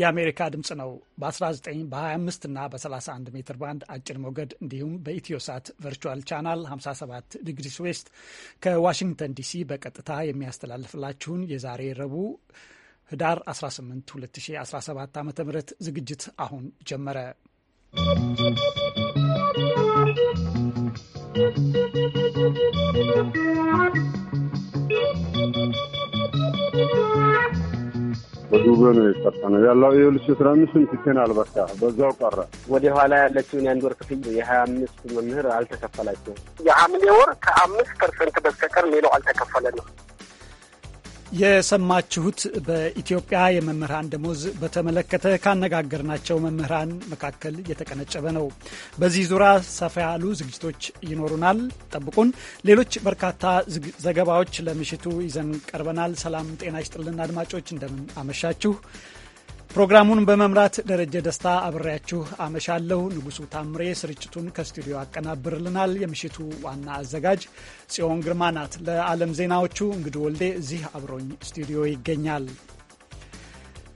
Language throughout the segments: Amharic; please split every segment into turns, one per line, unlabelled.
የአሜሪካ ድምፅ ነው። በ19 በ25 እና በ31 ሜትር ባንድ አጭር ሞገድ እንዲሁም ሳት ቨርቹዋል ቻናል 57 ዲግሪ ዌስት ከዋሽንግተን ዲሲ በቀጥታ የሚያስተላልፍላችሁን የዛሬ ረቡዕ ህዳር 18 2017 ዓ ም ዝግጅት አሁን ጀመረ።
¶¶ በዱቤ
ነው ያለው የሁለት ሺህ አስራ አምስትን በዛው ቀረ።
ወደ ኋላ ያለችውን የአንድ ወር ክፍያ የሀያ አምስት መምህር አልተከፈላቸውም። የሐምሌ ወር ከአምስት
ፐርሰንት በስተቀር ሌላው አልተከፈለ
የሰማችሁት በኢትዮጵያ የመምህራን ደሞዝ በተመለከተ ካነጋገርናቸው መምህራን መካከል የተቀነጨበ ነው። በዚህ ዙሪያ ሰፋ ያሉ ዝግጅቶች ይኖሩናል፣ ጠብቁን። ሌሎች በርካታ ዘገባዎች ለምሽቱ ይዘን ቀርበናል። ሰላም ጤና ይስጥልን አድማጮች፣ እንደምን አመሻችሁ። ፕሮግራሙን በመምራት ደረጀ ደስታ አብሬያችሁ አመሻለሁ። ንጉሱ ታምሬ ስርጭቱን ከስቱዲዮ አቀናብርልናል። የምሽቱ ዋና አዘጋጅ ጽዮን ግርማ ናት። ለዓለም ዜናዎቹ እንግዲ ወልዴ እዚህ አብሮኝ ስቱዲዮ ይገኛል።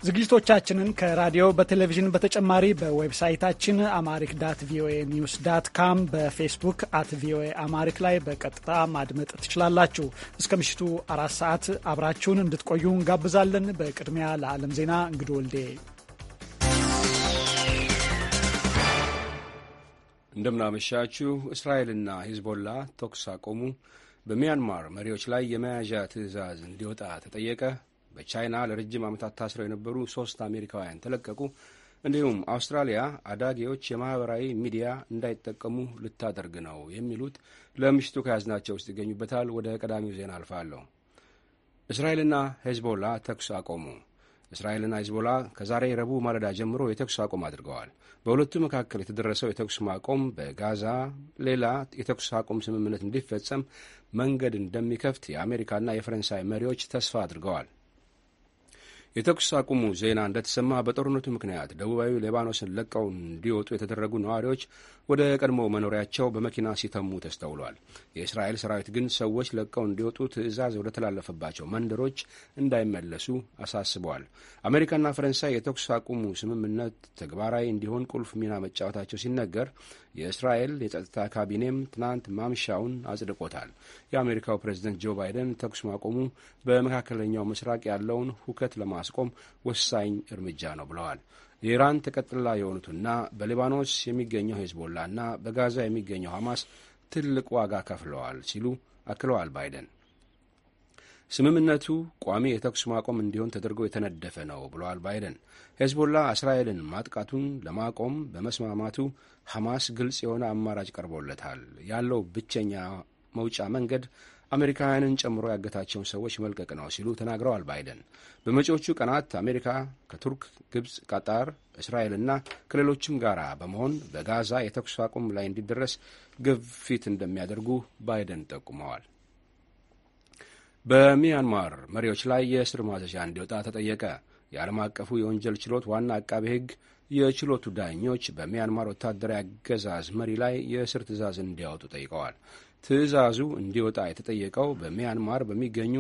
ዝግጅቶቻችንን ከራዲዮ በቴሌቪዥን በተጨማሪ በዌብሳይታችን አማሪክ ዳት ቪኦኤ ኒውስ ዳት ካም በፌስቡክ አት ቪኦኤ አማሪክ ላይ በቀጥታ ማድመጥ ትችላላችሁ። እስከ ምሽቱ አራት ሰዓት አብራችሁን እንድትቆዩ እንጋብዛለን። በቅድሚያ ለዓለም ዜና እንግዶ ወልዴ
እንደምናመሻችሁ። እስራኤልና ሂዝቦላ ተኩስ አቆሙ። በሚያንማር መሪዎች ላይ የመያዣ ትዕዛዝ እንዲወጣ ተጠየቀ። በቻይና ለረጅም ዓመታት ታስረው የነበሩ ሶስት አሜሪካውያን ተለቀቁ። እንዲሁም አውስትራሊያ አዳጊዎች የማህበራዊ ሚዲያ እንዳይጠቀሙ ልታደርግ ነው የሚሉት ለምሽቱ ከያዝናቸው ውስጥ ይገኙበታል። ወደ ቀዳሚው ዜና አልፋለሁ። እስራኤልና ሄዝቦላ ተኩስ አቆሙ። እስራኤልና ሄዝቦላ ከዛሬ ረቡዕ ማለዳ ጀምሮ የተኩስ አቆም አድርገዋል። በሁለቱ መካከል የተደረሰው የተኩስ ማቆም በጋዛ ሌላ የተኩስ አቆም ስምምነት እንዲፈጸም መንገድ እንደሚከፍት የአሜሪካና የፈረንሳይ መሪዎች ተስፋ አድርገዋል። የተኩስ አቁሙ ዜና እንደተሰማ በጦርነቱ ምክንያት ደቡባዊ ሌባኖስን ለቀው እንዲወጡ የተደረጉ ነዋሪዎች ወደ ቀድሞ መኖሪያቸው በመኪና ሲተሙ ተስተውሏል። የእስራኤል ሰራዊት ግን ሰዎች ለቀው እንዲወጡ ትዕዛዝ ወደ ተላለፈባቸው መንደሮች እንዳይመለሱ አሳስበዋል። አሜሪካና ፈረንሳይ የተኩስ አቁሙ ስምምነት ተግባራዊ እንዲሆን ቁልፍ ሚና መጫወታቸው ሲነገር የእስራኤል የጸጥታ ካቢኔም ትናንት ማምሻውን አጽድቆታል። የአሜሪካው ፕሬዝደንት ጆ ባይደን ተኩስ ማቆሙ በመካከለኛው ምስራቅ ያለውን ሁከት ለማስቆም ወሳኝ እርምጃ ነው ብለዋል። የኢራን ተቀጥላ የሆኑትና በሊባኖስ የሚገኘው ሄዝቦላና በጋዛ የሚገኘው ሐማስ ትልቅ ዋጋ ከፍለዋል ሲሉ አክለዋል ባይደን። ስምምነቱ ቋሚ የተኩስ ማቆም እንዲሆን ተደርጎ የተነደፈ ነው ብለዋል ባይደን። ሄዝቦላ እስራኤልን ማጥቃቱን ለማቆም በመስማማቱ ሐማስ ግልጽ የሆነ አማራጭ ቀርቦለታል። ያለው ብቸኛ መውጫ መንገድ አሜሪካውያንን ጨምሮ ያገታቸውን ሰዎች መልቀቅ ነው ሲሉ ተናግረዋል ባይደን። በመጪዎቹ ቀናት አሜሪካ ከቱርክ፣ ግብፅ፣ ቀጣር፣ እስራኤልና ከሌሎችም ጋር በመሆን በጋዛ የተኩስ አቁም ላይ እንዲደረስ ግፊት እንደሚያደርጉ ባይደን ጠቁመዋል። በሚያንማር መሪዎች ላይ የእስር ማዘዣ እንዲወጣ ተጠየቀ። የዓለም አቀፉ የወንጀል ችሎት ዋና አቃቤ ሕግ የችሎቱ ዳኞች በሚያንማር ወታደራዊ አገዛዝ መሪ ላይ የእስር ትዕዛዝ እንዲያወጡ ጠይቀዋል። ትዕዛዙ እንዲወጣ የተጠየቀው በሚያንማር በሚገኙ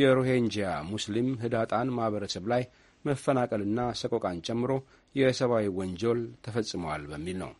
የሮሄንጃ ሙስሊም ህዳጣን ማህበረሰብ ላይ መፈናቀልና ሰቆቃን ጨምሮ የሰብአዊ ወንጀል ተፈጽመዋል በሚል ነው።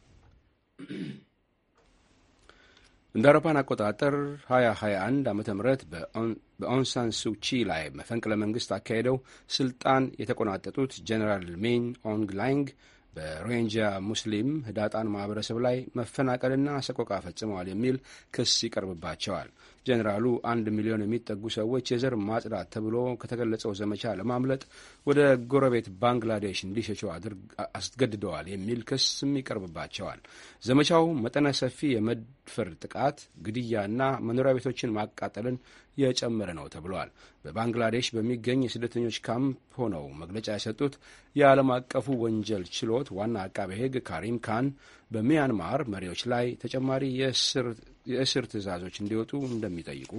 እንደ አውሮፓን አቆጣጠር 2021 ዓ ም በኦንሳን ሱቺ ላይ መፈንቅለ መንግስት አካሄደው ስልጣን የተቆናጠጡት ጀኔራል ሜን ኦንግ ላይንግ በሮሂንጃ ሙስሊም ህዳጣን ማህበረሰብ ላይ መፈናቀልና ሰቆቃ ፈጽመዋል የሚል ክስ ይቀርብባቸዋል። ጀኔራሉ አንድ ሚሊዮን የሚጠጉ ሰዎች የዘር ማጽዳት ተብሎ ከተገለጸው ዘመቻ ለማምለጥ ወደ ጎረቤት ባንግላዴሽ እንዲሸሹ አስገድደዋል የሚል ክስም ይቀርብባቸዋል። ዘመቻው መጠነ ሰፊ የመድፈር ጥቃት፣ ግድያና መኖሪያ ቤቶችን ማቃጠልን የጨመረ ነው ተብሏል። በባንግላዴሽ በሚገኝ የስደተኞች ካምፕ ሆነው መግለጫ የሰጡት የዓለም አቀፉ ወንጀል ችሎት ዋና አቃቤ ሕግ ካሪም ካን በሚያንማር መሪዎች ላይ ተጨማሪ የእስር ትዕዛዞች እንዲወጡ እንደሚጠይቁ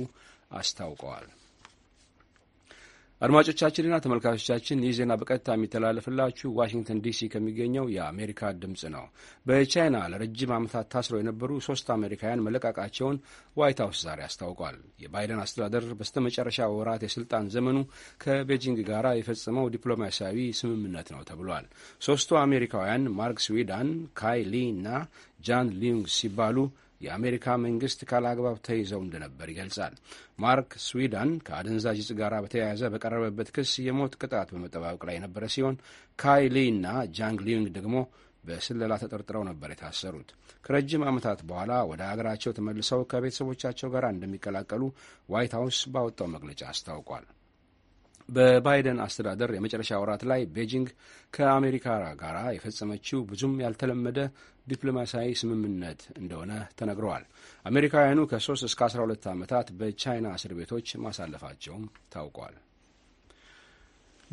አስታውቀዋል። አድማጮቻችንና ተመልካቾቻችን ይህ ዜና በቀጥታ የሚተላለፍላችሁ ዋሽንግተን ዲሲ ከሚገኘው የአሜሪካ ድምፅ ነው። በቻይና ለረጅም ዓመታት ታስረው የነበሩ ሶስት አሜሪካውያን መለቃቃቸውን ዋይት ሀውስ ዛሬ አስታውቋል። የባይደን አስተዳደር በስተመጨረሻ ወራት የስልጣን ዘመኑ ከቤጂንግ ጋር የፈጸመው ዲፕሎማሲያዊ ስምምነት ነው ተብሏል። ሶስቱ አሜሪካውያን ማርክ ስዊዳን፣ ካይ ሊ እና ጃን ሊዩንግ ሲባሉ የአሜሪካ መንግስት ካላግባብ ተይዘው እንደነበር ይገልጻል። ማርክ ስዊዳን ከአደንዛዥ እጽ ጋር በተያያዘ በቀረበበት ክስ የሞት ቅጣት በመጠባበቅ ላይ የነበረ ሲሆን ካይሊ እና ጃንግ ሊዩንግ ደግሞ በስለላ ተጠርጥረው ነበር የታሰሩት። ከረጅም ዓመታት በኋላ ወደ አገራቸው ተመልሰው ከቤተሰቦቻቸው ጋር እንደሚቀላቀሉ ዋይት ሀውስ ባወጣው መግለጫ አስታውቋል። በባይደን አስተዳደር የመጨረሻ ወራት ላይ ቤጂንግ ከአሜሪካ ጋር የፈጸመችው ብዙም ያልተለመደ ዲፕሎማሲያዊ ስምምነት እንደሆነ ተነግረዋል። አሜሪካውያኑ ከ3 እስከ 12 ዓመታት በቻይና እስር ቤቶች ማሳለፋቸውም ታውቋል።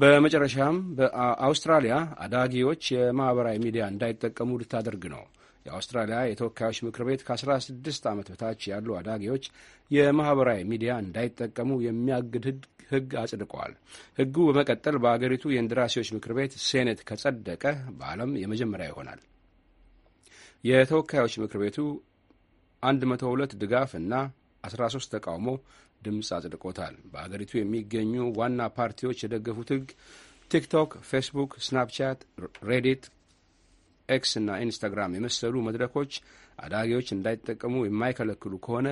በመጨረሻም በአውስትራሊያ አዳጊዎች የማኅበራዊ ሚዲያ እንዳይጠቀሙ ልታደርግ ነው። የአውስትራሊያ የተወካዮች ምክር ቤት ከ16 ዓመት በታች ያሉ አዳጊዎች የማኅበራዊ ሚዲያ እንዳይጠቀሙ የሚያግድ ሕግ ህግ አጽድቀዋል። ህጉ በመቀጠል በአገሪቱ የእንደራሴዎች ምክር ቤት ሴኔት ከጸደቀ በዓለም የመጀመሪያ ይሆናል። የተወካዮች ምክር ቤቱ 102 ድጋፍ እና 13 ተቃውሞ ድምፅ አጽድቆታል። በአገሪቱ የሚገኙ ዋና ፓርቲዎች የደገፉት ህግ ቲክቶክ፣ ፌስቡክ፣ ስናፕቻት፣ ሬዲት፣ ኤክስ እና ኢንስታግራም የመሰሉ መድረኮች አዳጊዎች እንዳይጠቀሙ የማይከለክሉ ከሆነ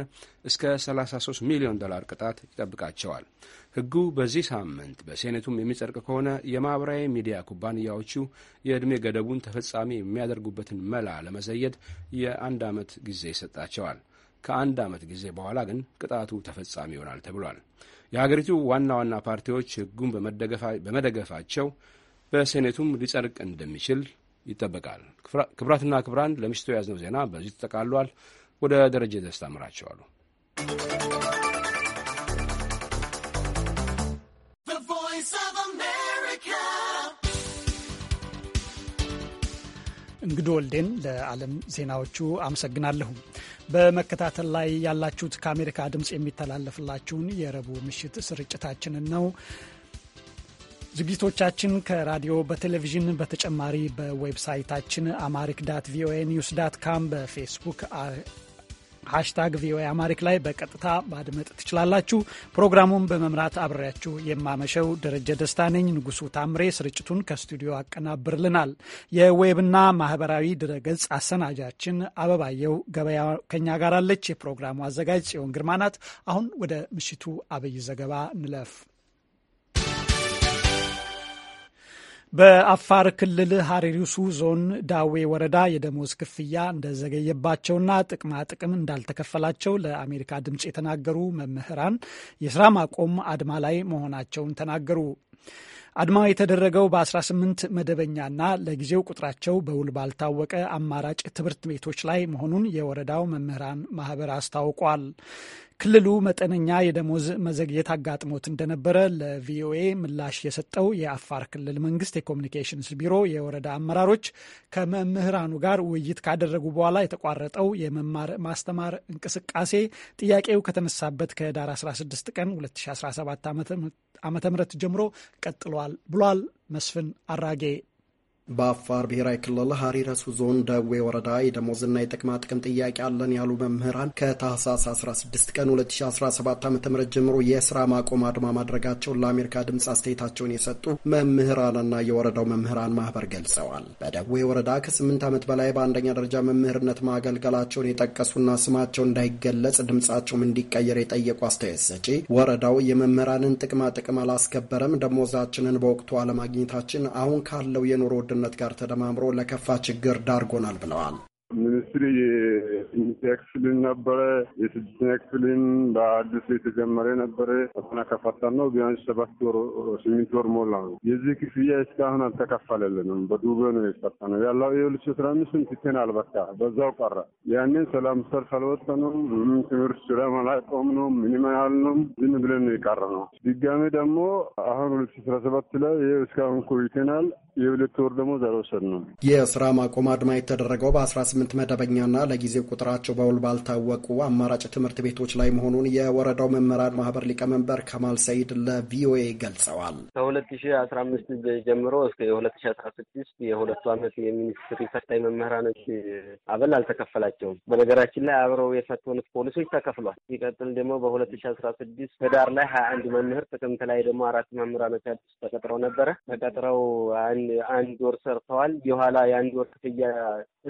እስከ 33 ሚሊዮን ዶላር ቅጣት ይጠብቃቸዋል። ሕጉ በዚህ ሳምንት በሴኔቱም የሚጸድቅ ከሆነ የማኅበራዊ ሚዲያ ኩባንያዎቹ የዕድሜ ገደቡን ተፈጻሚ የሚያደርጉበትን መላ ለመዘየድ የአንድ ዓመት ጊዜ ይሰጣቸዋል። ከአንድ ዓመት ጊዜ በኋላ ግን ቅጣቱ ተፈጻሚ ይሆናል ተብሏል። የሀገሪቱ ዋና ዋና ፓርቲዎች ሕጉን በመደገፋቸው በሴኔቱም ሊጸድቅ እንደሚችል ይጠበቃል። ክብራትና ክብራን ለምሽቱ የያዝነው ዜና በዚህ ተጠቃሏል። ወደ ደረጀ ደስታ ምራቸዋሉ።
እንግዲ ወልዴን ለዓለም ዜናዎቹ አመሰግናለሁ። በመከታተል ላይ ያላችሁት ከአሜሪካ ድምፅ የሚተላለፍላችሁን የረቡዕ ምሽት ስርጭታችንን ነው። ዝግጅቶቻችን ከራዲዮ በቴሌቪዥን በተጨማሪ በዌብሳይታችን አማሪክ ዳት ቪኦኤ ኒውስ ዳት ካም በፌስቡክ ሃሽታግ ቪኦኤ አማሪክ ላይ በቀጥታ ማድመጥ ትችላላችሁ። ፕሮግራሙን በመምራት አብሬያችሁ የማመሸው ደረጀ ደስታ ነኝ። ንጉሱ ታምሬ ስርጭቱን ከስቱዲዮ አቀናብርልናል። የዌብና ማህበራዊ ድረገጽ አሰናጃችን አበባየው ገበያ ከኛ ጋር አለች። የፕሮግራሙ አዘጋጅ ጽዮን ግርማ ናት። አሁን ወደ ምሽቱ አብይ ዘገባ እንለፍ። በአፋር ክልል ሀሪሪሱ ዞን ዳዌ ወረዳ የደሞዝ ክፍያ እንደዘገየባቸውና ጥቅማ ጥቅም እንዳልተከፈላቸው ለአሜሪካ ድምፅ የተናገሩ መምህራን የስራ ማቆም አድማ ላይ መሆናቸውን ተናገሩ። አድማው የተደረገው በ18 መደበኛና ለጊዜው ቁጥራቸው በውል ባልታወቀ አማራጭ ትምህርት ቤቶች ላይ መሆኑን የወረዳው መምህራን ማህበር አስታውቋል። ክልሉ መጠነኛ የደሞዝ መዘግየት አጋጥሞት እንደነበረ ለቪኦኤ ምላሽ የሰጠው የአፋር ክልል መንግስት የኮሚኒኬሽንስ ቢሮ የወረዳ አመራሮች ከመምህራኑ ጋር ውይይት ካደረጉ በኋላ የተቋረጠው የመማር ማስተማር እንቅስቃሴ ጥያቄው ከተነሳበት ከህዳር 16 ቀን 2017 ዓ ም ጀምሮ ቀጥሏል ብሏል። መስፍን
አራጌ በአፋር ብሔራዊ ክልል ሀሪረሱ ዞን ደዌ ወረዳ የደሞዝና የጥቅማ ጥቅም ጥያቄ አለን ያሉ መምህራን ከታህሳስ 16 ቀን 2017 ዓ ም ጀምሮ የስራ ማቆም አድማ ማድረጋቸውን ለአሜሪካ ድምፅ አስተያየታቸውን የሰጡ መምህራንና የወረዳው መምህራን ማህበር ገልጸዋል። በደዌ ወረዳ ከ8 ዓመት በላይ በአንደኛ ደረጃ መምህርነት ማገልገላቸውን የጠቀሱና ስማቸው እንዳይገለጽ ድምፃቸውም እንዲቀየር የጠየቁ አስተያየት ሰጪ ወረዳው የመምህራንን ጥቅማ ጥቅም አላስከበረም፣ ደሞዛችንን በወቅቱ አለማግኘታችን አሁን ካለው የኑሮ ውድነት ጋር ተደማምሮ ለከፋ ችግር ዳርጎናል ብለዋል።
ሚኒስትሪ
የስምንተኛ ክፍል ነበረ፣ የስድስተኛ ክፍልን በአዲስ የተጀመረ ነበረ። ፈተና ከፈታን ነው ቢያንስ ሰባት ወር ስምንት ወር ሞላ ነው። የዚህ ክፍያ እስካሁን አልተከፈለልንም። በዱቤ ነው የፈታ ነው ያለው። የሁለት ሺ አስራ አምስትን ትተናል። በቃ በዛው ቀረ። ያንን ሰላም ሰልፍ አልወጠኑም። ምንም ትምህርት ስራም አላቆምንም። ምንም አልንም።
ዝም ብለን ነው የቀረ
ነው። ድጋሚ ደግሞ አሁን ሁለት ሺ አስራ ሰባት ላይ ይኸው እስካሁን ቆይተናል።
የሁለት ወር ደግሞ ዘለወሰድ ነው
የስራ ማቆም አድማ የተደረገው በአስራ ስምንት 18 መደበኛና ለጊዜው ቁጥራቸው በውል ባልታወቁ አማራጭ ትምህርት ቤቶች ላይ መሆኑን የወረዳው መምህራን ማህበር ሊቀመንበር ከማል ሰይድ ለቪኦኤ ገልጸዋል።
ከ2015 ጀምሮ እስከ 2016 የሁለቱ ዓመት የሚኒስትር ፈታኝ መምህራኖች አበል አልተከፈላቸውም። በነገራችን ላይ አብረው የፈተኑት ፖሊሶች ተከፍሏል። ሲቀጥል ደግሞ በ2016 ህዳር ላይ ሀያ አንድ መምህር ጥቅምት ላይ ደግሞ አራት መምህራኖች አዲስ ተቀጥረው ነበረ። ተቀጥረው አንድ ወር ሰርተዋል። የኋላ የአንድ ወር ክፍያ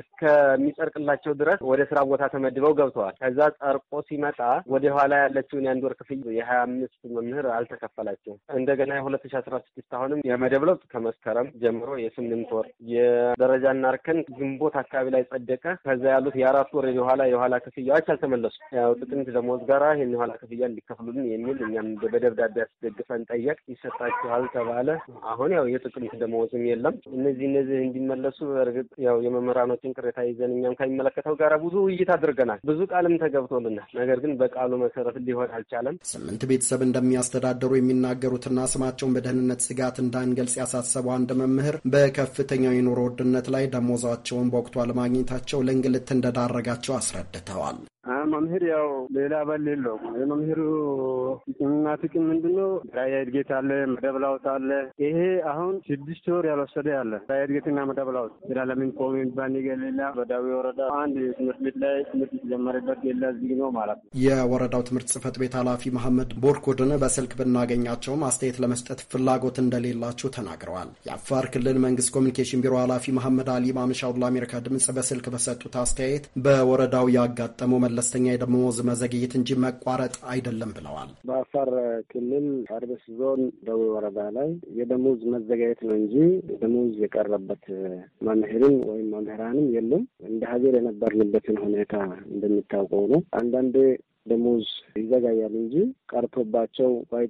እስከ እስከሚጸድቅላቸው ድረስ ወደ ስራ ቦታ ተመድበው ገብተዋል። ከዛ ጸርቆ ሲመጣ ወደ ኋላ ያለችውን የአንድ ወር ክፍያ የሀያ አምስት መምህር አልተከፈላቸውም። እንደገና የሁለት ሺ አስራ ስድስት አሁንም የመደብ ለውጥ ከመስከረም ጀምሮ የስምንት ወር የደረጃና እርከን ግንቦት አካባቢ ላይ ጸደቀ። ከዛ ያሉት የአራት ወር የኋላ የኋላ ክፍያዎች አልተመለሱም። ያው ጥቅምት ደሞዝ ጋራ ይህን የኋላ ክፍያ እንዲከፍሉልን የሚል እኛም በደብዳቤ አስደግፈን ጠየቅ ይሰጣችኋል ተባለ። አሁን ያው የጥቅምት ደሞዝም የለም። እነዚህ እነዚህ እንዲመለሱ እርግጥ ያው የመምህራኖችን ቅሬታ ይዘ አድርገን እኛም ከሚመለከተው ጋር ብዙ ውይይት አድርገናል። ብዙ ቃልም ተገብቶልናል። ነገር ግን በቃሉ መሰረት ሊሆን አልቻለም።
ስምንት ቤተሰብ እንደሚያስተዳደሩ የሚናገሩትና ስማቸውን በደህንነት ስጋት እንዳንገልጽ ያሳሰቡ አንድ መምህር በከፍተኛው የኑሮ ውድነት ላይ ደሞዛቸውን በወቅቱ አለማግኘታቸው ለእንግልት እንደዳረጋቸው አስረድተዋል።
መምህር ያው ሌላ በል የለውም። የመምህሩ ጥቅምና ጥቅም ነው? ራያ እድጌት አለ፣ መደብ ለውጥ አለ። ይሄ አሁን ስድስት ወር ያልወሰደ ያለ ራያ እድጌትና መደብ ለውጥ ለምን ቆም የሚባል ነገር ሌላ በዳዊ ወረዳ አንድ ትምህርት
ቤት ላይ ትምህርት የተጀመረበት ሌላ ዝግ ነው ማለት ነው።
የወረዳው ትምህርት ጽህፈት ቤት ኃላፊ መሐመድ ቦርኮድን በስልክ ብናገኛቸውም አስተያየት ለመስጠት ፍላጎት እንደሌላቸው ተናግረዋል። የአፋር ክልል መንግስት ኮሚኒኬሽን ቢሮ ኃላፊ መሐመድ አሊ ማምሻውን ለአሜሪካ ድምጽ በስልክ በሰጡት አስተያየት በወረዳው ያጋጠመው መለስተኛ የደሞዝ መዘግየት እንጂ መቋረጥ አይደለም ብለዋል።
በአፋር
ክልል ሀርቤስ ዞን ደቡብ ወረዳ ላይ የደሞዝ መዘጋየት ነው እንጂ ደሞዝ የቀረበት መምህርን ወይም መምህራንም የለም። እንደ ሀገር የነበርንበትን ሁኔታ እንደሚታወቀው ነው። አንዳንዴ ደሞዝ ይዘጋያል እንጂ ቀርቶባቸው ወይ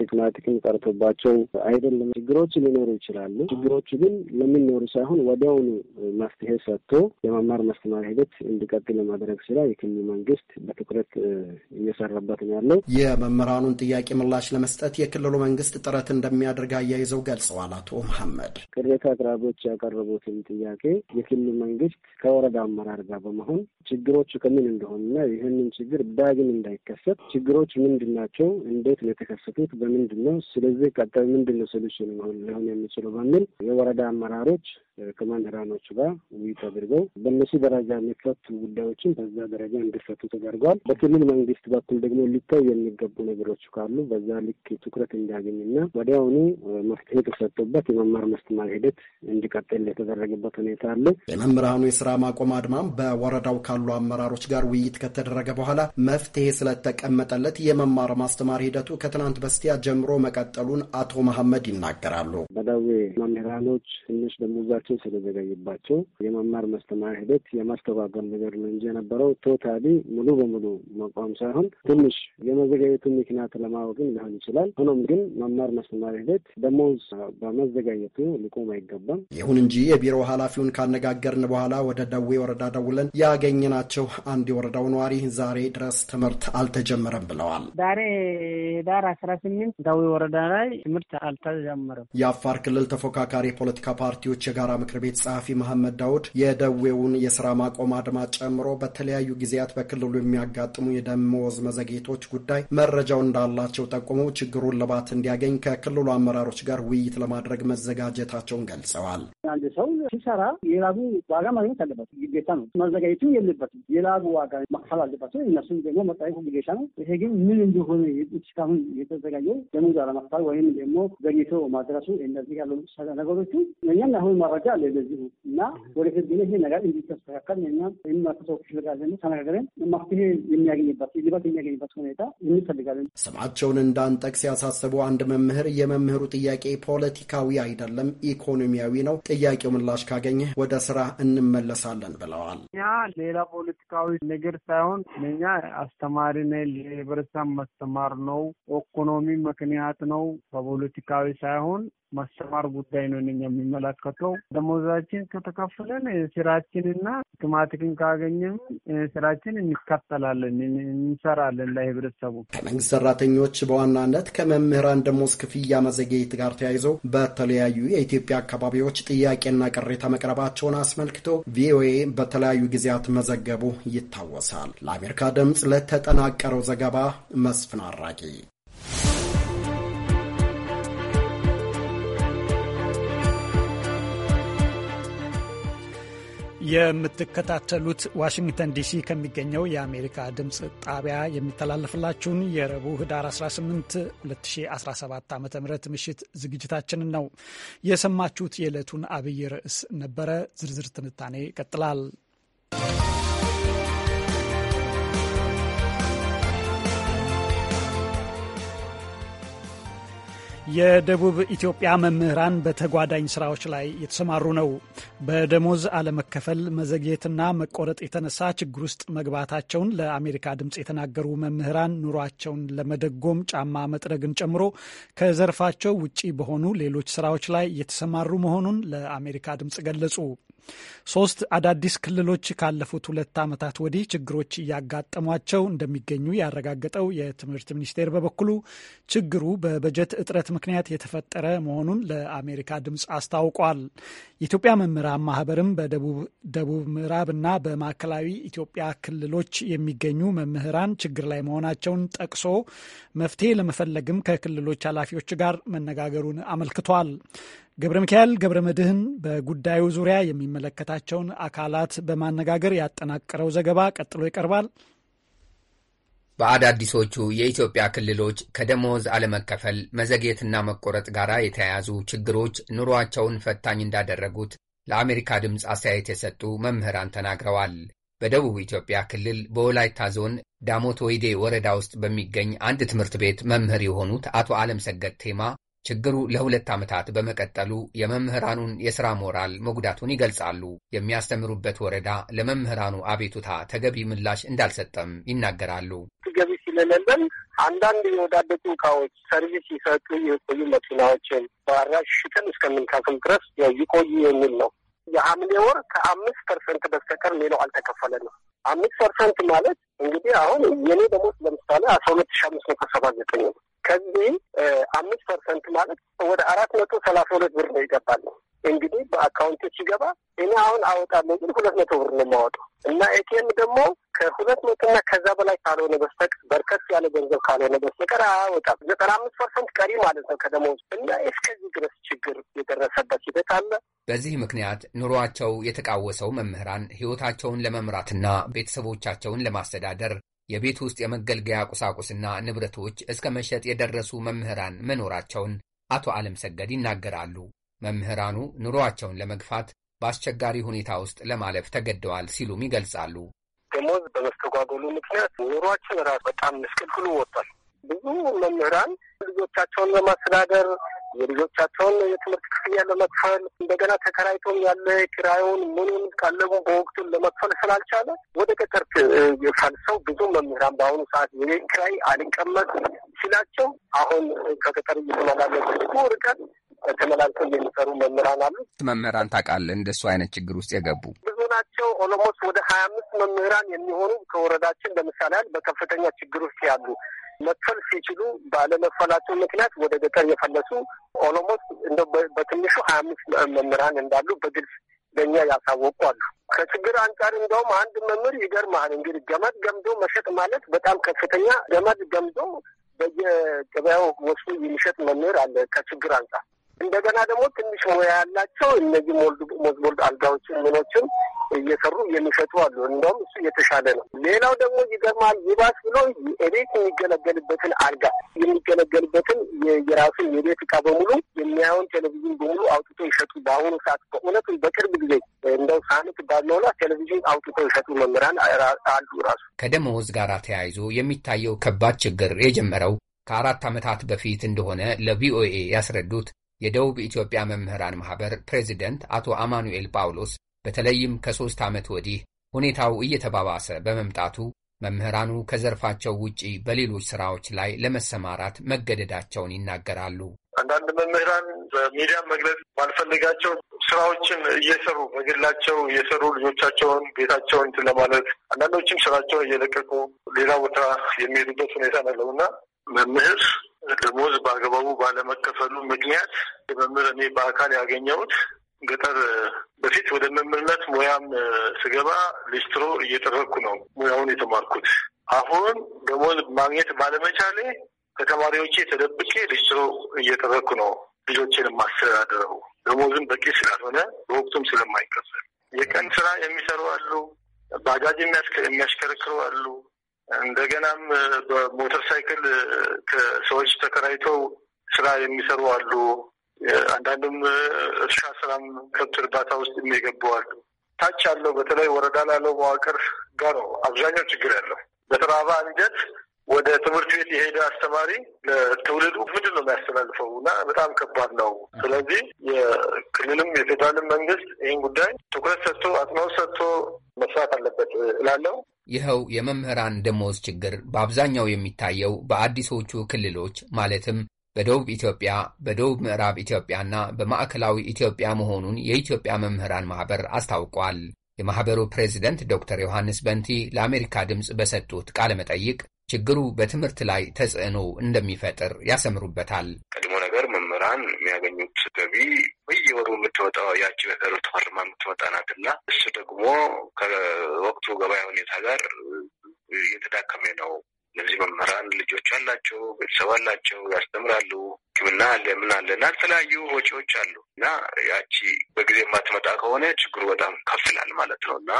ጥቅማ ጥቅም ቀርቶባቸው አይደለም። ችግሮች ሊኖሩ ይችላሉ። ችግሮቹ ግን ለሚኖሩ ሳይሆን ወዲያውኑ መፍትሄ ሰጥቶ የመማር ማስተማር ሂደት እንዲቀጥል ለማድረግ ስራ የክልሉ መንግስት በትኩረት እየሰራበት ነው ያለው።
የመምህራኑን ጥያቄ ምላሽ ለመስጠት የክልሉ መንግስት ጥረት እንደሚያደርግ አያይዘው ገልጸዋል። አቶ መሐመድ
ቅሬታ አቅራቢዎች ያቀረቡትን ጥያቄ የክልሉ መንግስት ከወረዳ አመራር ጋር በመሆን ችግሮቹ ከምን እንደሆኑና ይህንን ችግር ዳግም እንዳይከሰት ችግሮች ምንድን ናቸው? እንዴት ነው የተከሰቱት? በምንድን ነው? ስለዚህ ቀጣይ ምንድን ነው ሶሉሽን ሆን ሊሆን የሚችለው በሚል የወረዳ አመራሮች
ከመምህራኖቹ
ጋር ውይይት አድርገው በእነሱ ደረጃ የሚፈቱ ጉዳዮችን በዛ ደረጃ እንዲፈቱ ተደርጓል። በክልል መንግስት በኩል ደግሞ ሊታዩ የሚገቡ ነገሮች ካሉ በዛ ልክ ትኩረት እንዲያገኝና ወዲያውኑ መፍትሄ ተሰጥቶበት የመማር ማስተማር
ሂደት እንዲቀጥል የተደረገበት ሁኔታ አለ። የመምህራኑ የስራ ማቆም አድማም በወረዳው ካሉ አመራሮች ጋር ውይይት ከተደረገ በኋላ መፍትሄ ስለተቀመጠለት የመማር ማስተማር ሂደቱ ከትናንት በስቲያ ጀምሮ መቀጠሉን አቶ መሐመድ ይናገራሉ። በደዌ መምህራኖች
ትንሽ ደሞዛቸው ስለዘገይባቸው የመማር ማስተማር ሂደት የማስተጓጎል ነገር ነው እንጂ የነበረው ቶታሊ ሙሉ በሙሉ መቋም ሳይሆን ትንሽ የመዘጋየቱን ምክንያት ለማወቅም ሊሆን ይችላል። ሆኖም ግን መማር ማስተማር ሂደት ደሞዝ በመዘጋየቱ ሊቆም
አይገባም። ይሁን እንጂ የቢሮ ኃላፊውን ካነጋገርን በኋላ ወደ ደዌ ወረዳ ደውለን ያገኘናቸው አንድ የወረዳው ነዋሪ ዛሬ ድረስ ትምህርት አልተጀመረም ብለዋል።
ዛሬ
ዳር አስራ ስምንት ዳዊ ወረዳ ላይ ትምህርት አልተጀመረም።
የአፋር ክልል ተፎካካሪ የፖለቲካ ፓርቲዎች የጋራ ምክር ቤት ጸሐፊ መሐመድ ዳውድ የደዌውን የስራ ማቆም አድማ ጨምሮ በተለያዩ ጊዜያት በክልሉ የሚያጋጥሙ የደመወዝ መዘግየቶች ጉዳይ መረጃው እንዳላቸው ጠቁመው ችግሩን ልባት እንዲያገኝ ከክልሉ አመራሮች ጋር ውይይት ለማድረግ መዘጋጀታቸውን ገልጸዋል።
አንድ ሰው ሲሰራ የላቡ ዋጋ ማግኘት አለበት፣ ግዴታ ነው። መዘጋጀቱ የለበትም። የላቡ ዋጋ መክፈል አለበት። እነሱም ደግሞ መጽሐፍ ኦብሊጌሽን ነው። ይሄ ግን ምን እንደሆነ እስካሁን የተዘጋጀው ደሞዝ አለማክፈል ወይም ደግሞ ዘግይቶ ማድረሱ እነዚህ ያሉ ነገሮቹ እኛም አሁን መረጃ አለ ለዚሁ እና ወደፊት ግን ይሄ ነገር እንዲተስተካከል እኛም የሚመለከተው ክፍል ጋር ደግሞ ተነጋግረን መፍትሄ የሚያገኝበት ሊበት የሚያገኝበት ሁኔታ እንፈልጋለን።
ስማቸውን እንዳንጠቅስ ያሳሰቡ አንድ መምህር የመምህሩ ጥያቄ ፖለቲካዊ አይደለም፣ ኢኮኖሚያዊ ነው። ጥያቄው ምላሽ ካገኘ ወደ ስራ እንመለሳለን ብለዋል።
ያ ሌላ ፖለቲካዊ ነገር ሳይሆን እኛ አስተማሪ ነኝ፣ ለህብረተሰብ መስተማር ነው። ኢኮኖሚ ምክንያት ነው፣ በፖለቲካዊ ሳይሆን ማስተማር ጉዳይ ነው የሚመለከተው። ደሞዛችን ከተከፈለን ስራችንና ጥቅማጥቅም ካገኘም ስራችን እንከተላለን፣ እንሰራለን ለህብረተሰቡ።
ከመንግስት ሰራተኞች በዋናነት ከመምህራን ደሞዝ ክፍያ መዘግየት ጋር ተያይዘው በተለያዩ የኢትዮጵያ አካባቢዎች ጥያቄና ቅሬታ መቅረባቸውን አስመልክቶ ቪኦኤ በተለያዩ ጊዜያት መዘገቡ ይታወሳል። ለአሜሪካ ድምፅ ለተጠናቀረው ዘገባ መስፍን አራቂ
የምትከታተሉት ዋሽንግተን ዲሲ ከሚገኘው የአሜሪካ ድምፅ ጣቢያ የሚተላለፍላችሁን የረቡዕ ህዳር 18 2017 ዓ ም ምሽት ዝግጅታችንን ነው የሰማችሁት። የዕለቱን አብይ ርዕስ ነበረ። ዝርዝር ትንታኔ ይቀጥላል። የደቡብ ኢትዮጵያ መምህራን በተጓዳኝ ስራዎች ላይ የተሰማሩ ነው። በደሞዝ አለመከፈል መዘግየትና መቆረጥ የተነሳ ችግር ውስጥ መግባታቸውን ለአሜሪካ ድምፅ የተናገሩ መምህራን ኑሯቸውን ለመደጎም ጫማ መጥረግን ጨምሮ ከዘርፋቸው ውጪ በሆኑ ሌሎች ስራዎች ላይ የተሰማሩ መሆኑን ለአሜሪካ ድምፅ ገለጹ። ሶስት አዳዲስ ክልሎች ካለፉት ሁለት ዓመታት ወዲህ ችግሮች እያጋጠሟቸው እንደሚገኙ ያረጋገጠው የትምህርት ሚኒስቴር በበኩሉ ችግሩ በበጀት እጥረት ምክንያት የተፈጠረ መሆኑን ለአሜሪካ ድምፅ አስታውቋል። የኢትዮጵያ መምህራን ማህበርም በደቡብ ምዕራብና በማዕከላዊ ኢትዮጵያ ክልሎች የሚገኙ መምህራን ችግር ላይ መሆናቸውን ጠቅሶ መፍትሄ ለመፈለግም ከክልሎች ኃላፊዎች ጋር መነጋገሩን አመልክቷል። ገብረ ሚካኤል ገብረ መድህን በጉዳዩ ዙሪያ የሚመለከታቸውን አካላት በማነጋገር ያጠናቀረው ዘገባ ቀጥሎ ይቀርባል።
በአዳዲሶቹ የኢትዮጵያ ክልሎች ከደሞዝ አለመከፈል መዘግየትና መቆረጥ ጋር የተያያዙ ችግሮች ኑሯቸውን ፈታኝ እንዳደረጉት ለአሜሪካ ድምፅ አስተያየት የሰጡ መምህራን ተናግረዋል። በደቡብ ኢትዮጵያ ክልል በወላይታ ዞን ዳሞት ወይዴ ወረዳ ውስጥ በሚገኝ አንድ ትምህርት ቤት መምህር የሆኑት አቶ ዓለም ሰገድ ቴማ ችግሩ ለሁለት ዓመታት በመቀጠሉ የመምህራኑን የሥራ ሞራል መጉዳቱን ይገልጻሉ። የሚያስተምሩበት ወረዳ ለመምህራኑ አቤቱታ ተገቢ ምላሽ እንዳልሰጠም ይናገራሉ።
ገቢ ስለሌለን አንዳንድ የወዳደቁ እቃዎች ሰርቪስ ይሰጡ የቆዩ መኪናዎችን በአራሽ ሽጠን እስከምንካክም ድረስ ይቆዩ የሚል ነው። የሐምሌ ወር ከአምስት ፐርሰንት በስተቀር ሌላው አልተከፈለ ነው። አምስት ፐርሰንት ማለት እንግዲህ አሁን የኔ ደሞዝ ለምሳሌ አስራ ሁለት ሺ አምስት መቶ ሰባ ዘጠኝ ነው ከዚህ አምስት ፐርሰንት ማለት ወደ አራት መቶ ሰላሳ ሁለት ብር ነው ይገባል። እንግዲህ በአካውንቶች ይገባ እኔ አሁን አወጣለሁ ግን ሁለት መቶ ብር ነው የማወጣው እና ኤቲኤም ደግሞ ከሁለት መቶና ከዛ በላይ ካልሆነ በስተቀር በርከት ያለ ገንዘብ ካልሆነ በስተቀር አያወጣም። ዘጠና አምስት ፐርሰንት ቀሪ ማለት ነው ከደሞዝ እና እስከዚህ ድረስ ችግር
የደረሰበት ሂደት አለ። በዚህ ምክንያት ኑሯቸው የተቃወሰው መምህራን ህይወታቸውን ለመምራትና ቤተሰቦቻቸውን ለማስተዳደር የቤት ውስጥ የመገልገያ ቁሳቁስና ንብረቶች እስከ መሸጥ የደረሱ መምህራን መኖራቸውን አቶ ዓለም ሰገድ ይናገራሉ። መምህራኑ ኑሮአቸውን ለመግፋት በአስቸጋሪ ሁኔታ ውስጥ ለማለፍ ተገደዋል ሲሉም ይገልጻሉ።
ደሞዝ በመስተጓጎሉ ምክንያት ኑሯችን ራሱ በጣም ምስቅልቅሉ ወጥቷል። ብዙ መምህራን ልጆቻቸውን ለማስተዳደር የልጆቻቸውን የትምህርት ክፍያ ለመክፈል እንደገና ተከራይቶም ያለ ኪራዩን ምኑን ቀለቡ በወቅቱን ለመክፈል ስላልቻለ ወደ ገጠር ፈልሰው ብዙ መምህራን በአሁኑ ሰዓት የቤት ኪራይ አልቀመጥ ሲላቸው አሁን ከገጠር እየተመላለሱ ደግሞ ርቀት ተመላልሰው የሚሰሩ መምህራን አሉ።
መምህራን ታውቃለህ፣ እንደሱ አይነት ችግር ውስጥ የገቡ
ብዙ ናቸው። ኦሎሞስ ወደ ሀያ አምስት መምህራን የሚሆኑ ከወረዳችን ለምሳሌ ያህል በከፍተኛ ችግር ውስጥ ያሉ መክፈል ሲችሉ ባለመክፈላቸው ምክንያት ወደ ገጠር የፈለሱ ኦሎሞስ እንደ በትንሹ ሀያ አምስት መምህራን እንዳሉ በግልጽ ለእኛ ያሳወቁ አሉ። ከችግር አንጻር እንደውም አንድ መምህር ይገርመሃል እንግዲህ ገመድ ገምዶ መሸጥ ማለት በጣም ከፍተኛ ገመድ ገምዶ በየገበያው ወስዶ የሚሸጥ መምህር አለ። ከችግር አንጻር እንደገና ደግሞ ትንሽ ሙያ ያላቸው እነዚህ ሞልድ ሞዝቦልድ አልጋዎችን ምኖችን እየሰሩ የሚሸጡ አሉ። እንደውም እሱ እየተሻለ ነው። ሌላው ደግሞ ይገርማል ይባስ ብሎ የቤት የሚገለገልበትን አልጋ የሚገለገልበትን የራሱን የቤት እቃ በሙሉ የሚያየውን ቴሌቪዥን በሙሉ አውጥቶ ይሸጡ። በአሁኑ ሰዓት በእውነቱ በቅርብ ጊዜ እንደው ሳምንት ባለሆና ቴሌቪዥን አውጥቶ ይሸጡ መምህራን
አሉ። ራሱ ከደመወዝ ጋር ተያይዞ የሚታየው ከባድ ችግር የጀመረው ከአራት ዓመታት በፊት እንደሆነ ለቪኦኤ ያስረዱት የደቡብ ኢትዮጵያ መምህራን ማኅበር ፕሬዚደንት አቶ አማኑኤል ጳውሎስ በተለይም ከሦስት ዓመት ወዲህ ሁኔታው እየተባባሰ በመምጣቱ መምህራኑ ከዘርፋቸው ውጪ በሌሎች ሥራዎች ላይ ለመሰማራት መገደዳቸውን ይናገራሉ።
አንዳንድ መምህራን በሚዲያ መግለጽ ባልፈልጋቸው ስራዎችን እየሰሩ በግላቸው እየሰሩ ልጆቻቸውን ቤታቸውን ለማለት አንዳንዶችም ስራቸውን እየለቀቁ ሌላ ቦታ የሚሄዱበት ሁኔታ ነው ያለው እና መምህር ደሞዝ በአግባቡ ባለመከፈሉ ምክንያት የመምህር እኔ በአካል ያገኘሁት ገጠር በፊት ወደ መምህርነት ሙያም ስገባ ሊስትሮ እየጠረኩ ነው ሙያውን የተማርኩት። አሁን ደሞዝ ማግኘት ባለመቻሌ ከተማሪዎቼ ተደብቄ ሊስትሮ እየጠረኩ ነው ልጆችን የማስተዳድረው። ደሞዝም በቂ ስላልሆነ በወቅቱም ስለማይከፈል የቀን ስራ የሚሰሩ አሉ፣ ባጃጅ የሚያሽከረክሩ አሉ፣ እንደገናም በሞተር ሳይክል ከሰዎች ተከራይተው ስራ የሚሰሩ አሉ። አንዳንዱም እርሻ ስራም ከብት እርባታ ውስጥ የሚገቡ አሉ። ታች ያለው በተለይ ወረዳ ላለው መዋቅር ጋር ነው አብዛኛው ችግር ያለው። በተራባ አንጀት ወደ ትምህርት ቤት የሄደ አስተማሪ ለትውልዱ ምንድን ነው የሚያስተላልፈው? እና በጣም ከባድ ነው። ስለዚህ የክልልም የፌዴራልም መንግስት ይህን ጉዳይ ትኩረት ሰጥቶ
አጽንኦት ሰጥቶ መስራት አለበት እላለሁ። ይኸው የመምህራን ደሞዝ ችግር በአብዛኛው የሚታየው በአዲሶቹ ክልሎች ማለትም በደቡብ ኢትዮጵያ፣ በደቡብ ምዕራብ ኢትዮጵያና በማዕከላዊ ኢትዮጵያ መሆኑን የኢትዮጵያ መምህራን ማኅበር አስታውቋል። የማኅበሩ ፕሬዚደንት ዶክተር ዮሐንስ በንቲ ለአሜሪካ ድምፅ በሰጡት ቃለ መጠይቅ ችግሩ በትምህርት ላይ ተጽዕኖ እንደሚፈጥር ያሰምሩበታል።
መምህራን የሚያገኙት ገቢ በየወሩ የምትወጣው ያቺ በቀሩ ተፈርማ የምትወጣ ናት እና እሱ ደግሞ ከወቅቱ ገበያ ሁኔታ ጋር እየተዳከመ ነው። እነዚህ መምህራን ልጆች አላቸው፣ ቤተሰብ አላቸው፣ ያስተምራሉ። ሕክምና አለ ምን አለ እና የተለያዩ ወጪዎች አሉ እና ያቺ በጊዜ የማትመጣ ከሆነ ችግሩ በጣም ከፍላል ማለት ነው እና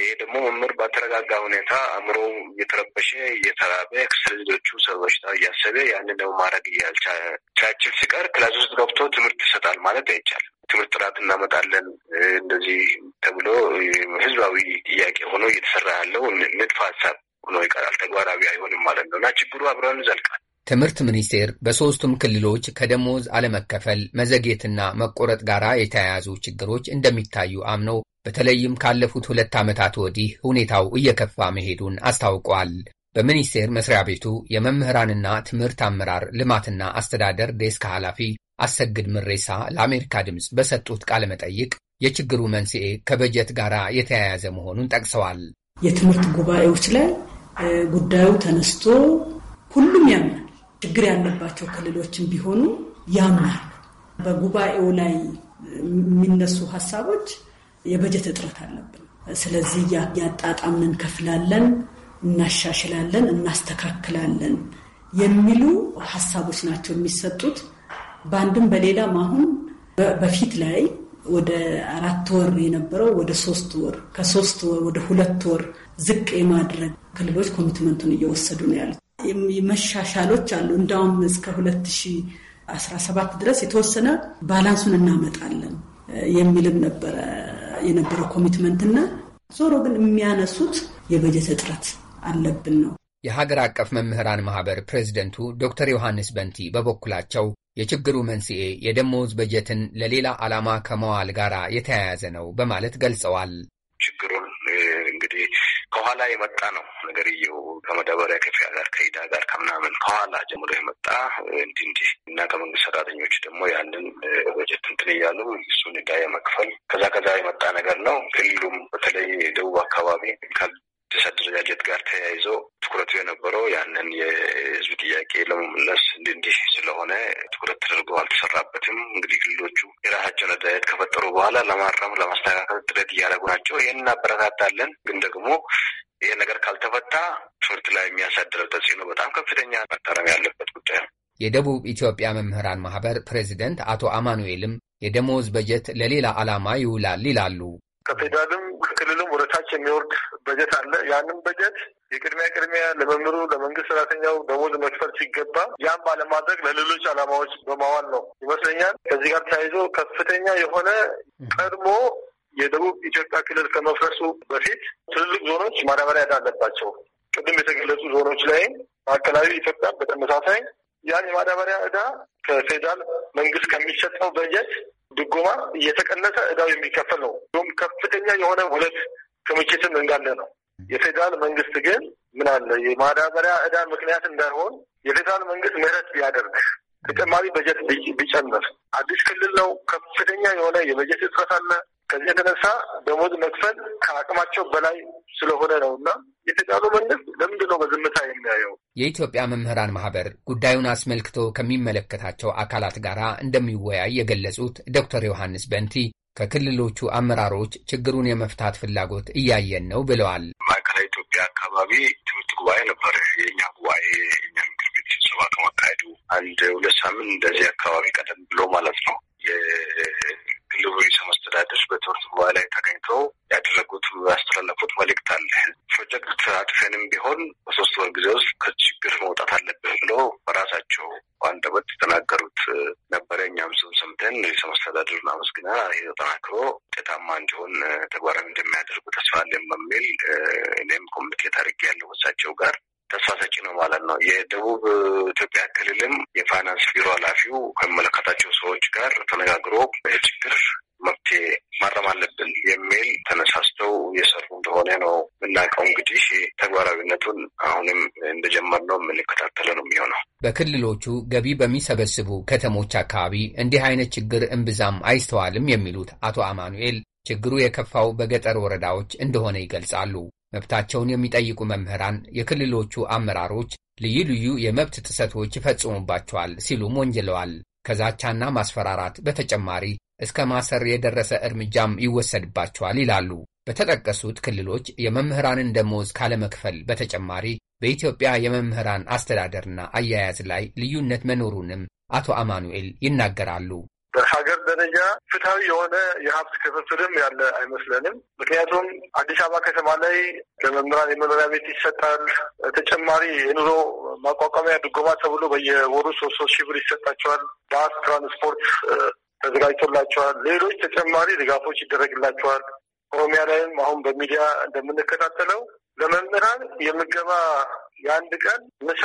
ይሄ ደግሞ መምህር ባልተረጋጋ ሁኔታ አእምሮ እየተረበሸ እየተራበ ስለ ልጆቹ ሰዎች እያሰበ ያንን ደግሞ ማድረግ እያልቻችን ሲቀር ክላስ ውስጥ ገብቶ ትምህርት ይሰጣል ማለት አይቻልም። ትምህርት ጥራት እናመጣለን እንደዚህ ተብሎ ህዝባዊ ጥያቄ ሆኖ እየተሰራ ያለው ንድፈ ሀሳብ ሆኖ ይቀራል፣ ተግባራዊ አይሆንም ማለት ነው እና ችግሩ አብረን ይዘልቃል። ትምህርት
ሚኒስቴር በሦስቱም ክልሎች ከደሞዝ አለመከፈል መዘግየትና መቆረጥ ጋር የተያያዙ ችግሮች እንደሚታዩ አምነው በተለይም ካለፉት ሁለት ዓመታት ወዲህ ሁኔታው እየከፋ መሄዱን አስታውቋል። በሚኒስቴር መስሪያ ቤቱ የመምህራንና ትምህርት አመራር ልማትና አስተዳደር ዴስክ ኃላፊ አሰግድ ምሬሳ ለአሜሪካ ድምፅ በሰጡት ቃለ መጠይቅ የችግሩ መንስኤ ከበጀት ጋር የተያያዘ መሆኑን ጠቅሰዋል።
የትምህርት ጉባኤዎች ላይ ጉዳዩ ተነስቶ ሁሉም ያምናል። ችግር ያለባቸው ክልሎችን ቢሆኑ ያምናል። በጉባኤው ላይ የሚነሱ ሀሳቦች የበጀት እጥረት አለብን። ስለዚህ ያጣጣምን እንከፍላለን፣ እናሻሽላለን፣ እናስተካክላለን የሚሉ ሀሳቦች ናቸው የሚሰጡት። በአንድም በሌላም አሁን በፊት ላይ ወደ አራት ወር የነበረው ወደ ሶስት ወር ከሶስት ወር ወደ ሁለት ወር ዝቅ የማድረግ ክልሎች ኮሚትመንቱን እየወሰዱ ነው ያሉት። መሻሻሎች አሉ። እንዳውም እስከ 2017 ድረስ የተወሰነ ባላንሱን እናመጣለን የሚልም ነበረ የነበረው ኮሚትመንትና ዞሮ ግን የሚያነሱት የበጀት እጥረት አለብን ነው።
የሀገር አቀፍ መምህራን ማህበር ፕሬዚደንቱ ዶክተር ዮሐንስ በንቲ በበኩላቸው የችግሩ መንስኤ የደሞዝ በጀትን ለሌላ ዓላማ ከመዋል ጋር የተያያዘ ነው በማለት ገልጸዋል።
ችግሩ ከኋላ የመጣ ነው ነገር እየው ከመደበሪያ ክፍያ ጋር ከሂዳ ጋር ከምናምን ከኋላ ጀምሮ የመጣ እንዲህ እንዲህ እና ከመንግስት ሰራተኞች ደግሞ ያንን በጀት እንትን እያሉ እሱን እዳ የመክፈል ከዛ ከዛ የመጣ ነገር ነው። ክልሉም በተለይ የደቡብ አካባቢ አዲስ አደረጃጀት ጋር ተያይዞ ትኩረቱ የነበረው ያንን የህዝብ ጥያቄ ለመመለስ እንዲህ ስለሆነ ትኩረት ተደርጎ አልተሰራበትም። እንግዲህ ክልሎቹ የራሳቸውን አደረጃጀት ከፈጠሩ በኋላ ለማረም ለማስተካከል ጥረት እያደረጉ ናቸው። ይህን እናበረታታለን። ግን ደግሞ ይህ ነገር ካልተፈታ ትምህርት ላይ የሚያሳድረው ተጽዕኖ በጣም ከፍተኛ መታረም ያለበት ጉዳይ ነው።
የደቡብ ኢትዮጵያ መምህራን ማህበር ፕሬዚደንት አቶ አማኑኤልም የደሞዝ በጀት ለሌላ ዓላማ ይውላል ይላሉ። ከፌዴራልም ከክልልም ወደ ታች የሚወርድ በጀት አለ። ያንም በጀት
የቅድሚያ ቅድሚያ ለመምህሩ ለመንግስት ሰራተኛው ደሞዝ መክፈል ሲገባ ያም ባለማድረግ ለሌሎች ዓላማዎች በማዋል ነው ይመስለኛል። ከዚህ ጋር ተያይዞ ከፍተኛ የሆነ ቀድሞ የደቡብ ኢትዮጵያ ክልል ከመፍረሱ በፊት ትልልቅ ዞኖች ማዳበሪያ ዕዳ አለባቸው። ቅድም የተገለጹ ዞኖች ላይ ማዕከላዊ ኢትዮጵያ በተመሳሳይ ያን የማዳበሪያ ዕዳ ከፌዴራል መንግስት ከሚሰጠው በጀት ድጎማ እየተቀነሰ እዳው የሚከፈል ነው። እንዲሁም ከፍተኛ የሆነ ሁለት ክምችትም እንዳለ ነው። የፌዴራል መንግስት ግን ምን አለ የማዳበሪያ እዳ ምክንያት እንዳይሆን የፌዴራል መንግስት ምህረት ቢያደርግ ተጨማሪ በጀት ቢጨምር፣ አዲስ ክልል ነው። ከፍተኛ የሆነ የበጀት እጥረት አለ። ከዚህ የተነሳ ደሞዝ መክፈል ከአቅማቸው በላይ ስለሆነ ነው እና የተጫሉ መንግስት ለምንድን
ነው በዝምታ የሚያየው? የኢትዮጵያ መምህራን ማህበር ጉዳዩን አስመልክቶ ከሚመለከታቸው አካላት ጋር እንደሚወያይ የገለጹት ዶክተር ዮሐንስ በንቲ ከክልሎቹ አመራሮች ችግሩን የመፍታት ፍላጎት እያየን ነው ብለዋል።
ማዕከላዊ ኢትዮጵያ አካባቢ ትምህርት ጉባኤ ነበር። የእኛ ጉባኤ የእኛ ምክር ቤት ስብሰባ ከማካሄዱ አንድ ሁለት ሳምንት እንደዚህ አካባቢ ቀደም ብሎ ማለት ነው የክልሉ ርዕሰ መስተዳድር በትምህርት ጉባኤ ላይ ተገኝተው ያደረጉት ያስተላለፉት መልእክት አለ። ፕሮጀክት አጥፌንም ቢሆን በሶስት ወር ጊዜ ውስጥ ከችግር መውጣት አለብህ ብሎ በራሳቸው አንደበት የተናገሩት ነበረ። እኛም እሱን ሰምተን ርዕሰ መስተዳድሩን አመስግና ይህ ተጠናክሮ ውጤታማ እንዲሆን ተግባራዊ እንደሚያደርጉ ተስፋለን በሚል እኔም ኮሚኒኬት አድርጌ ያለው እሳቸው ጋር ተስፋ ሰጪ ነው ማለት ነው። የደቡብ ኢትዮጵያ ክልልም የፋይናንስ ቢሮ ኃላፊው ከሚመለከታቸው ሰዎች ጋር ተነጋግሮ በችግር ችግር መፍትሄ ማረም አለብን የሚል ተነሳስተው እየሰሩ እንደሆነ ነው የምናውቀው። እንግዲህ ተግባራዊነቱን አሁንም እንደጀመርነው የምንከታተለ ነው የሚሆነው።
በክልሎቹ ገቢ በሚሰበስቡ ከተሞች አካባቢ እንዲህ አይነት ችግር እምብዛም አይስተዋልም የሚሉት አቶ አማኑኤል ችግሩ የከፋው በገጠር ወረዳዎች እንደሆነ ይገልጻሉ። መብታቸውን የሚጠይቁ መምህራን፣ የክልሎቹ አመራሮች ልዩ ልዩ የመብት ጥሰቶች ይፈጽሙባቸዋል ሲሉም ወንጅለዋል። ከዛቻና ማስፈራራት በተጨማሪ እስከ ማሰር የደረሰ እርምጃም ይወሰድባቸዋል ይላሉ። በተጠቀሱት ክልሎች የመምህራንን ደሞዝ ካለመክፈል በተጨማሪ በኢትዮጵያ የመምህራን አስተዳደርና አያያዝ ላይ ልዩነት መኖሩንም አቶ አማኑኤል ይናገራሉ።
በሀገር ደረጃ ፍትሐዊ የሆነ የሀብት ክፍፍልም ያለ አይመስለንም። ምክንያቱም አዲስ አበባ ከተማ ላይ ለመምህራን የመኖሪያ ቤት ይሰጣል። ተጨማሪ የኑሮ ማቋቋሚያ ድጎማ ተብሎ በየወሩ ሶስት ሶስት ሺህ ብር ይሰጣቸዋል። ባስ፣ ትራንስፖርት ተዘጋጅቶላቸዋል። ሌሎች ተጨማሪ ድጋፎች ይደረግላቸዋል። ኦሮሚያ ላይም አሁን በሚዲያ እንደምንከታተለው ለመምህራን የምገባ የአንድ ቀን ምሳ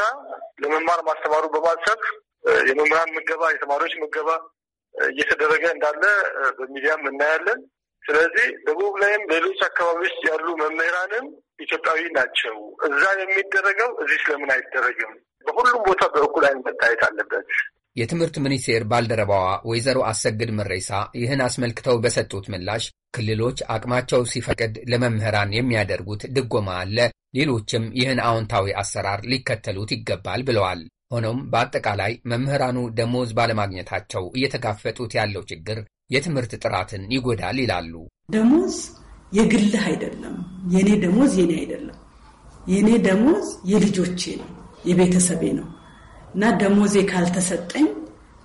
ለመማር ማስተማሩ በማሰብ የመምህራን ምገባ፣ የተማሪዎች ምገባ እየተደረገ እንዳለ በሚዲያም እናያለን። ስለዚህ ደቡብ ላይም ሌሎች አካባቢዎች ያሉ መምህራንም ኢትዮጵያዊ ናቸው። እዛ የሚደረገው እዚህ ስለምን አይደረግም? በሁሉም ቦታ በእኩል አይነት መታየት
አለበት። የትምህርት ሚኒስቴር ባልደረባዋ ወይዘሮ አሰግድ መሬሳ ይህን አስመልክተው በሰጡት ምላሽ ክልሎች አቅማቸው ሲፈቅድ ለመምህራን የሚያደርጉት ድጎማ አለ፣ ሌሎችም ይህን አዎንታዊ አሰራር ሊከተሉት ይገባል ብለዋል። ሆኖም በአጠቃላይ መምህራኑ ደሞዝ ባለማግኘታቸው እየተጋፈጡት ያለው ችግር የትምህርት ጥራትን ይጎዳል ይላሉ።
ደሞዝ የግልህ አይደለም። የእኔ ደሞዝ የኔ አይደለም። የእኔ ደሞዝ የልጆቼ ነው፣ የቤተሰቤ ነው እና ደሞዜ ካልተሰጠኝ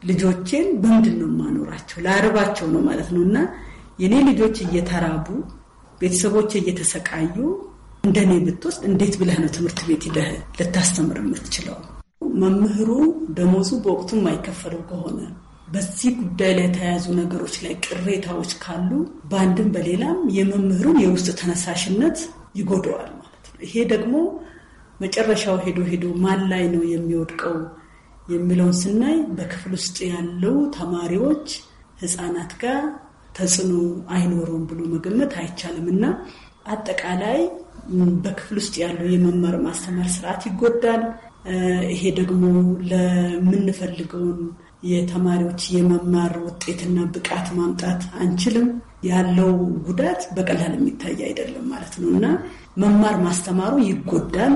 ልጆቼን በምንድን ነው የማኖራቸው? ላርባቸው ነው ማለት ነው እና የእኔ ልጆች እየተራቡ ቤተሰቦች እየተሰቃዩ እንደኔ ብትወስድ እንዴት ብለህ ነው ትምህርት ቤት ሂደህ ልታስተምር የምትችለው? መምህሩ ደሞዙ በወቅቱ የማይከፈለው ከሆነ በዚህ ጉዳይ ላይ የተያያዙ ነገሮች ላይ ቅሬታዎች ካሉ በአንድም በሌላም የመምህሩን የውስጥ ተነሳሽነት ይጎደዋል ማለት ነው። ይሄ ደግሞ መጨረሻው ሄዶ ሄዶ ማን ላይ ነው የሚወድቀው የሚለውን ስናይ በክፍል ውስጥ ያለው ተማሪዎች ህፃናት ጋር ተጽዕኖ አይኖረውም ብሎ መገመት አይቻልም እና አጠቃላይ በክፍል ውስጥ ያለው የመማር ማስተማር ስርዓት ይጎዳል። ይሄ ደግሞ ለምንፈልገውን የተማሪዎች የመማር ውጤትና ብቃት ማምጣት አንችልም። ያለው ጉዳት በቀላል የሚታይ አይደለም ማለት ነው እና መማር ማስተማሩ ይጎዳል፣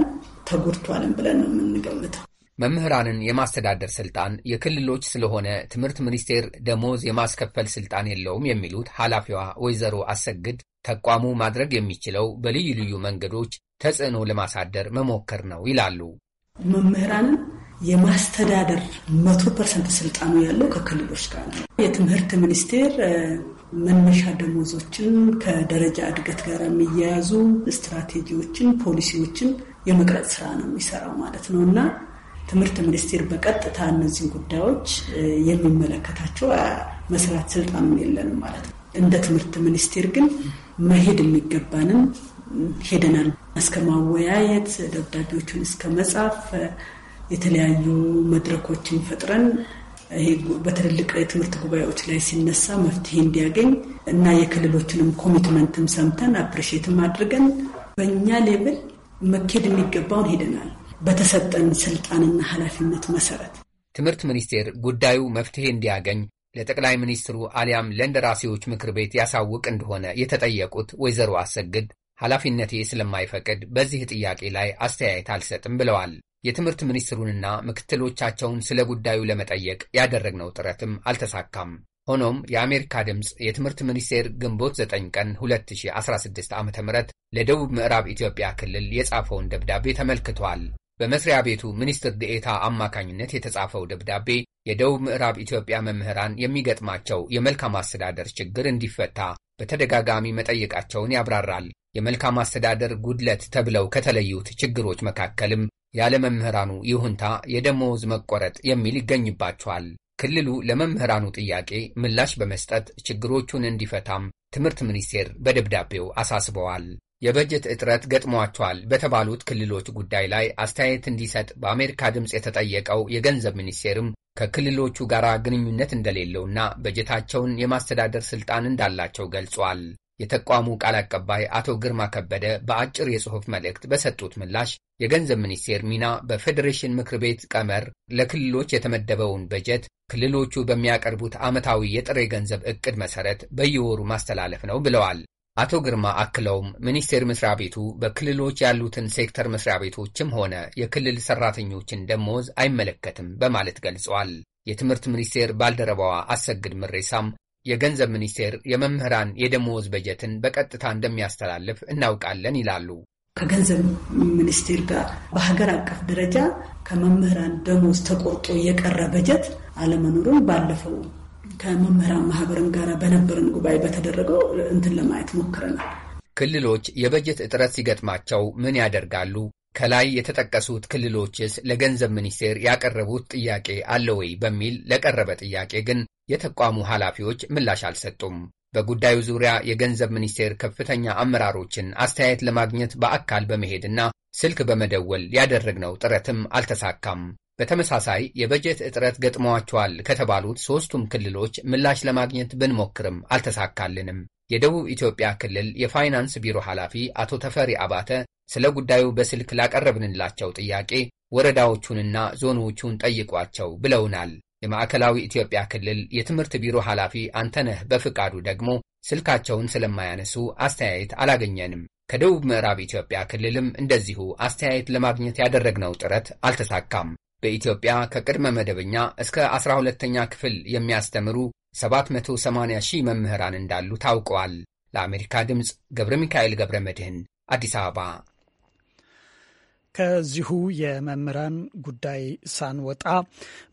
ተጎድቷልም ብለን ነው የምንገምተው።
መምህራንን የማስተዳደር ስልጣን የክልሎች ስለሆነ ትምህርት ሚኒስቴር ደሞዝ የማስከፈል ስልጣን የለውም የሚሉት ኃላፊዋ ወይዘሮ አሰግድ ተቋሙ ማድረግ የሚችለው በልዩ ልዩ መንገዶች ተጽዕኖ ለማሳደር መሞከር ነው ይላሉ።
መምህራንን የማስተዳደር መቶ ፐርሰንት ስልጣኑ ያለው ከክልሎች ጋር ነው። የትምህርት ሚኒስቴር መነሻ ደሞዞችን ከደረጃ እድገት ጋር የሚያያዙ ስትራቴጂዎችን፣ ፖሊሲዎችን የመቅረጽ ስራ ነው የሚሰራው ማለት ነው እና ትምህርት ሚኒስቴር በቀጥታ እነዚህን ጉዳዮች የሚመለከታቸው መስራት ስልጣኑን የለንም ማለት ነው። እንደ ትምህርት ሚኒስቴር ግን መሄድ የሚገባንን ሄደናል። እስከ ማወያየት፣ ደብዳቤዎቹን እስከ መጻፍ የተለያዩ መድረኮችን ፈጥረን በትልልቅ የትምህርት ጉባኤዎች ላይ ሲነሳ መፍትሄ እንዲያገኝ እና የክልሎችንም ኮሚትመንትም ሰምተን አፕሪሽትም አድርገን በእኛ ሌብል መኬድ የሚገባውን ሄደናል በተሰጠን ስልጣንና ኃላፊነት መሰረት።
ትምህርት ሚኒስቴር ጉዳዩ መፍትሄ እንዲያገኝ ለጠቅላይ ሚኒስትሩ አሊያም ለእንደራሴዎች ምክር ቤት ያሳውቅ እንደሆነ የተጠየቁት ወይዘሮ አሰግድ ኃላፊነቴ ስለማይፈቅድ በዚህ ጥያቄ ላይ አስተያየት አልሰጥም ብለዋል። የትምህርት ሚኒስትሩንና ምክትሎቻቸውን ስለ ጉዳዩ ለመጠየቅ ያደረግነው ጥረትም አልተሳካም። ሆኖም የአሜሪካ ድምፅ የትምህርት ሚኒስቴር ግንቦት 9 ቀን 2016 ዓ ም ለደቡብ ምዕራብ ኢትዮጵያ ክልል የጻፈውን ደብዳቤ ተመልክቷል። በመስሪያ ቤቱ ሚኒስትር ድኤታ አማካኝነት የተጻፈው ደብዳቤ የደቡብ ምዕራብ ኢትዮጵያ መምህራን የሚገጥማቸው የመልካም አስተዳደር ችግር እንዲፈታ በተደጋጋሚ መጠየቃቸውን ያብራራል። የመልካም አስተዳደር ጉድለት ተብለው ከተለዩት ችግሮች መካከልም መምህራኑ ይሁንታ የደሞዝ መቆረጥ የሚል ይገኝባቸዋል። ክልሉ ለመምህራኑ ጥያቄ ምላሽ በመስጠት ችግሮቹን እንዲፈታም ትምህርት ሚኒስቴር በደብዳቤው አሳስበዋል። የበጀት እጥረት ገጥሟቸዋል በተባሉት ክልሎች ጉዳይ ላይ አስተያየት እንዲሰጥ በአሜሪካ ድምፅ የተጠየቀው የገንዘብ ሚኒስቴርም ከክልሎቹ ጋር ግንኙነት እንደሌለውና በጀታቸውን የማስተዳደር ስልጣን እንዳላቸው ገልጿል። የተቋሙ ቃል አቀባይ አቶ ግርማ ከበደ በአጭር የጽሑፍ መልእክት በሰጡት ምላሽ የገንዘብ ሚኒስቴር ሚና በፌዴሬሽን ምክር ቤት ቀመር ለክልሎች የተመደበውን በጀት ክልሎቹ በሚያቀርቡት ዓመታዊ የጥሬ ገንዘብ ዕቅድ መሠረት በየወሩ ማስተላለፍ ነው ብለዋል። አቶ ግርማ አክለውም ሚኒስቴር መስሪያ ቤቱ በክልሎች ያሉትን ሴክተር መስሪያ ቤቶችም ሆነ የክልል ሰራተኞችን ደሞዝ አይመለከትም በማለት ገልጸዋል። የትምህርት ሚኒስቴር ባልደረባዋ አሰግድ ምሬሳም የገንዘብ ሚኒስቴር የመምህራን የደሞዝ በጀትን በቀጥታ እንደሚያስተላልፍ እናውቃለን ይላሉ።
ከገንዘብ ሚኒስቴር ጋር በሀገር አቀፍ ደረጃ ከመምህራን ደሞዝ ተቆርጦ የቀረ በጀት አለመኖሩን ባለፈው ከመምህራን ማህበርም ጋር በነበረን ጉባኤ በተደረገው እንትን ለማየት ሞክረናል።
ክልሎች የበጀት እጥረት ሲገጥማቸው ምን ያደርጋሉ? ከላይ የተጠቀሱት ክልሎችስ ለገንዘብ ሚኒስቴር ያቀረቡት ጥያቄ አለ ወይ? በሚል ለቀረበ ጥያቄ ግን የተቋሙ ኃላፊዎች ምላሽ አልሰጡም። በጉዳዩ ዙሪያ የገንዘብ ሚኒስቴር ከፍተኛ አመራሮችን አስተያየት ለማግኘት በአካል በመሄድና ስልክ በመደወል ያደረግነው ጥረትም አልተሳካም። በተመሳሳይ የበጀት እጥረት ገጥመዋቸዋል ከተባሉት ሦስቱም ክልሎች ምላሽ ለማግኘት ብንሞክርም አልተሳካልንም። የደቡብ ኢትዮጵያ ክልል የፋይናንስ ቢሮ ኃላፊ አቶ ተፈሪ አባተ ስለ ጉዳዩ በስልክ ላቀረብንላቸው ጥያቄ ወረዳዎቹንና ዞኖቹን ጠይቋቸው ብለውናል። የማዕከላዊ ኢትዮጵያ ክልል የትምህርት ቢሮ ኃላፊ አንተነህ በፍቃዱ ደግሞ ስልካቸውን ስለማያነሱ አስተያየት አላገኘንም። ከደቡብ ምዕራብ ኢትዮጵያ ክልልም እንደዚሁ አስተያየት ለማግኘት ያደረግነው ጥረት አልተሳካም። በኢትዮጵያ ከቅድመ መደበኛ እስከ 12ተኛ ክፍል የሚያስተምሩ 780 ሺህ መምህራን እንዳሉ ታውቀዋል። ለአሜሪካ ድምፅ ገብረ ሚካኤል ገብረ መድህን አዲስ አበባ
ከዚሁ የመምህራን ጉዳይ ሳንወጣ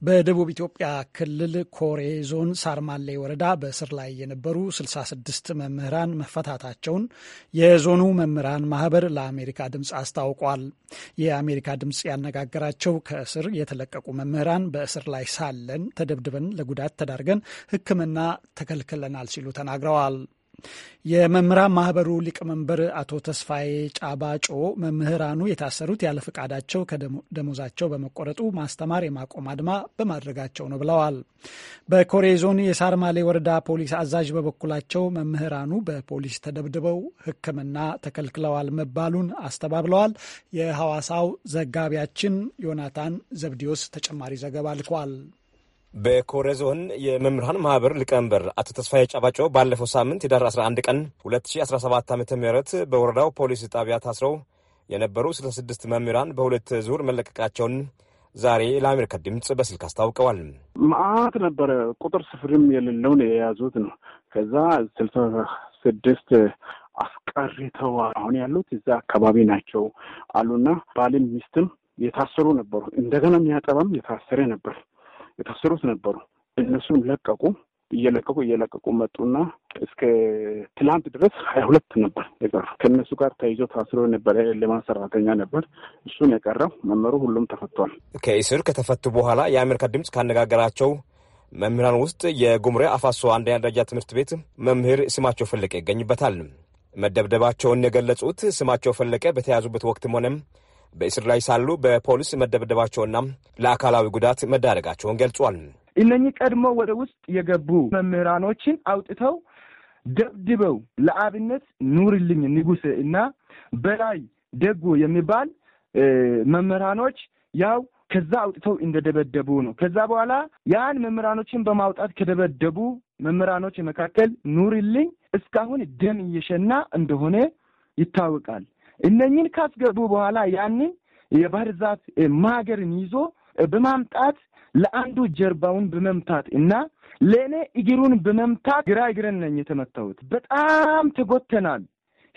በደቡብ ኢትዮጵያ ክልል ኮሬ ዞን ሳርማሌ ወረዳ በእስር ላይ የነበሩ 66 መምህራን መፈታታቸውን የዞኑ መምህራን ማህበር ለአሜሪካ ድምፅ አስታውቋል። የአሜሪካ ድምፅ ያነጋገራቸው ከእስር የተለቀቁ መምህራን በእስር ላይ ሳለን ተደብድበን ለጉዳት ተዳርገን ሕክምና ተከልክለናል ሲሉ ተናግረዋል። የመምህራን ማህበሩ ሊቀመንበር አቶ ተስፋዬ ጫባጮ መምህራኑ የታሰሩት ያለ ፈቃዳቸው ከደሞዛቸው በመቆረጡ ማስተማር የማቆም አድማ በማድረጋቸው ነው ብለዋል። በኮሬ ዞን የሳርማሌ ወረዳ ፖሊስ አዛዥ በበኩላቸው መምህራኑ በፖሊስ ተደብድበው ሕክምና ተከልክለዋል መባሉን አስተባብለዋል። የሐዋሳው ዘጋቢያችን ዮናታን ዘብዲዮስ ተጨማሪ ዘገባ ልኳል።
በኮረ ዞን የመምህራን ማህበር ሊቀመንበር አቶ ተስፋዬ ጫባጮ ባለፈው ሳምንት ህዳር 11 ቀን 2017 ዓ ም በወረዳው ፖሊስ ጣቢያ ታስረው የነበሩ 66 መምህራን በሁለት ዙር መለቀቃቸውን ዛሬ ለአሜሪካ ድምፅ በስልክ አስታውቀዋል።
መአት ነበረ ቁጥር ስፍርም የሌለውን የያዙት ነው። ከዛ ስልሳ ስድስት አስቀርተዋል። አሁን ያሉት እዛ አካባቢ ናቸው አሉና ባልም ሚስትም የታሰሩ ነበሩ። እንደገና የሚያጠባም የታሰረ ነበር። የታሰሩት ነበሩ። እነሱን ለቀቁ። እየለቀቁ እየለቀቁ መጡና እስከ ትላንት ድረስ ሀያ ሁለት ነበር የቀሩ። ከእነሱ ጋር ተይዞ ታስሮ ነበረ ልማት ሰራተኛ ነበር፣ እሱን የቀረው መምህሩ፣ ሁሉም ተፈቷል።
ከእስር ከተፈቱ በኋላ የአሜሪካ ድምፅ ካነጋገራቸው መምህራን ውስጥ የጉምሬ አፋሶ አንደኛ ደረጃ ትምህርት ቤት መምህር ስማቸው ፈለቀ ይገኝበታል። መደብደባቸውን የገለጹት ስማቸው ፈለቀ በተያዙበት ወቅትም ሆነም በእስር ላይ ሳሉ በፖሊስ መደብደባቸውና ለአካላዊ ጉዳት መዳረጋቸውን ገልጿል።
እነኚህ ቀድሞ ወደ ውስጥ የገቡ መምህራኖችን አውጥተው ደብድበው ለአብነት ኑርልኝ ንጉስ እና በላይ ደጎ የሚባል መምህራኖች ያው ከዛ አውጥተው እንደደበደቡ ነው። ከዛ በኋላ ያን መምህራኖችን በማውጣት ከደበደቡ መምህራኖች መካከል ኑርልኝ እስካሁን ደም እየሸና እንደሆነ ይታወቃል። እነኝን ካስገቡ በኋላ ያንን የባህር ዛፍ ማገርን ይዞ በማምጣት ለአንዱ ጀርባውን በመምታት እና ለእኔ እግሩን በመምታት ግራ እግረን ነኝ የተመታሁት። በጣም ተጎተናል፣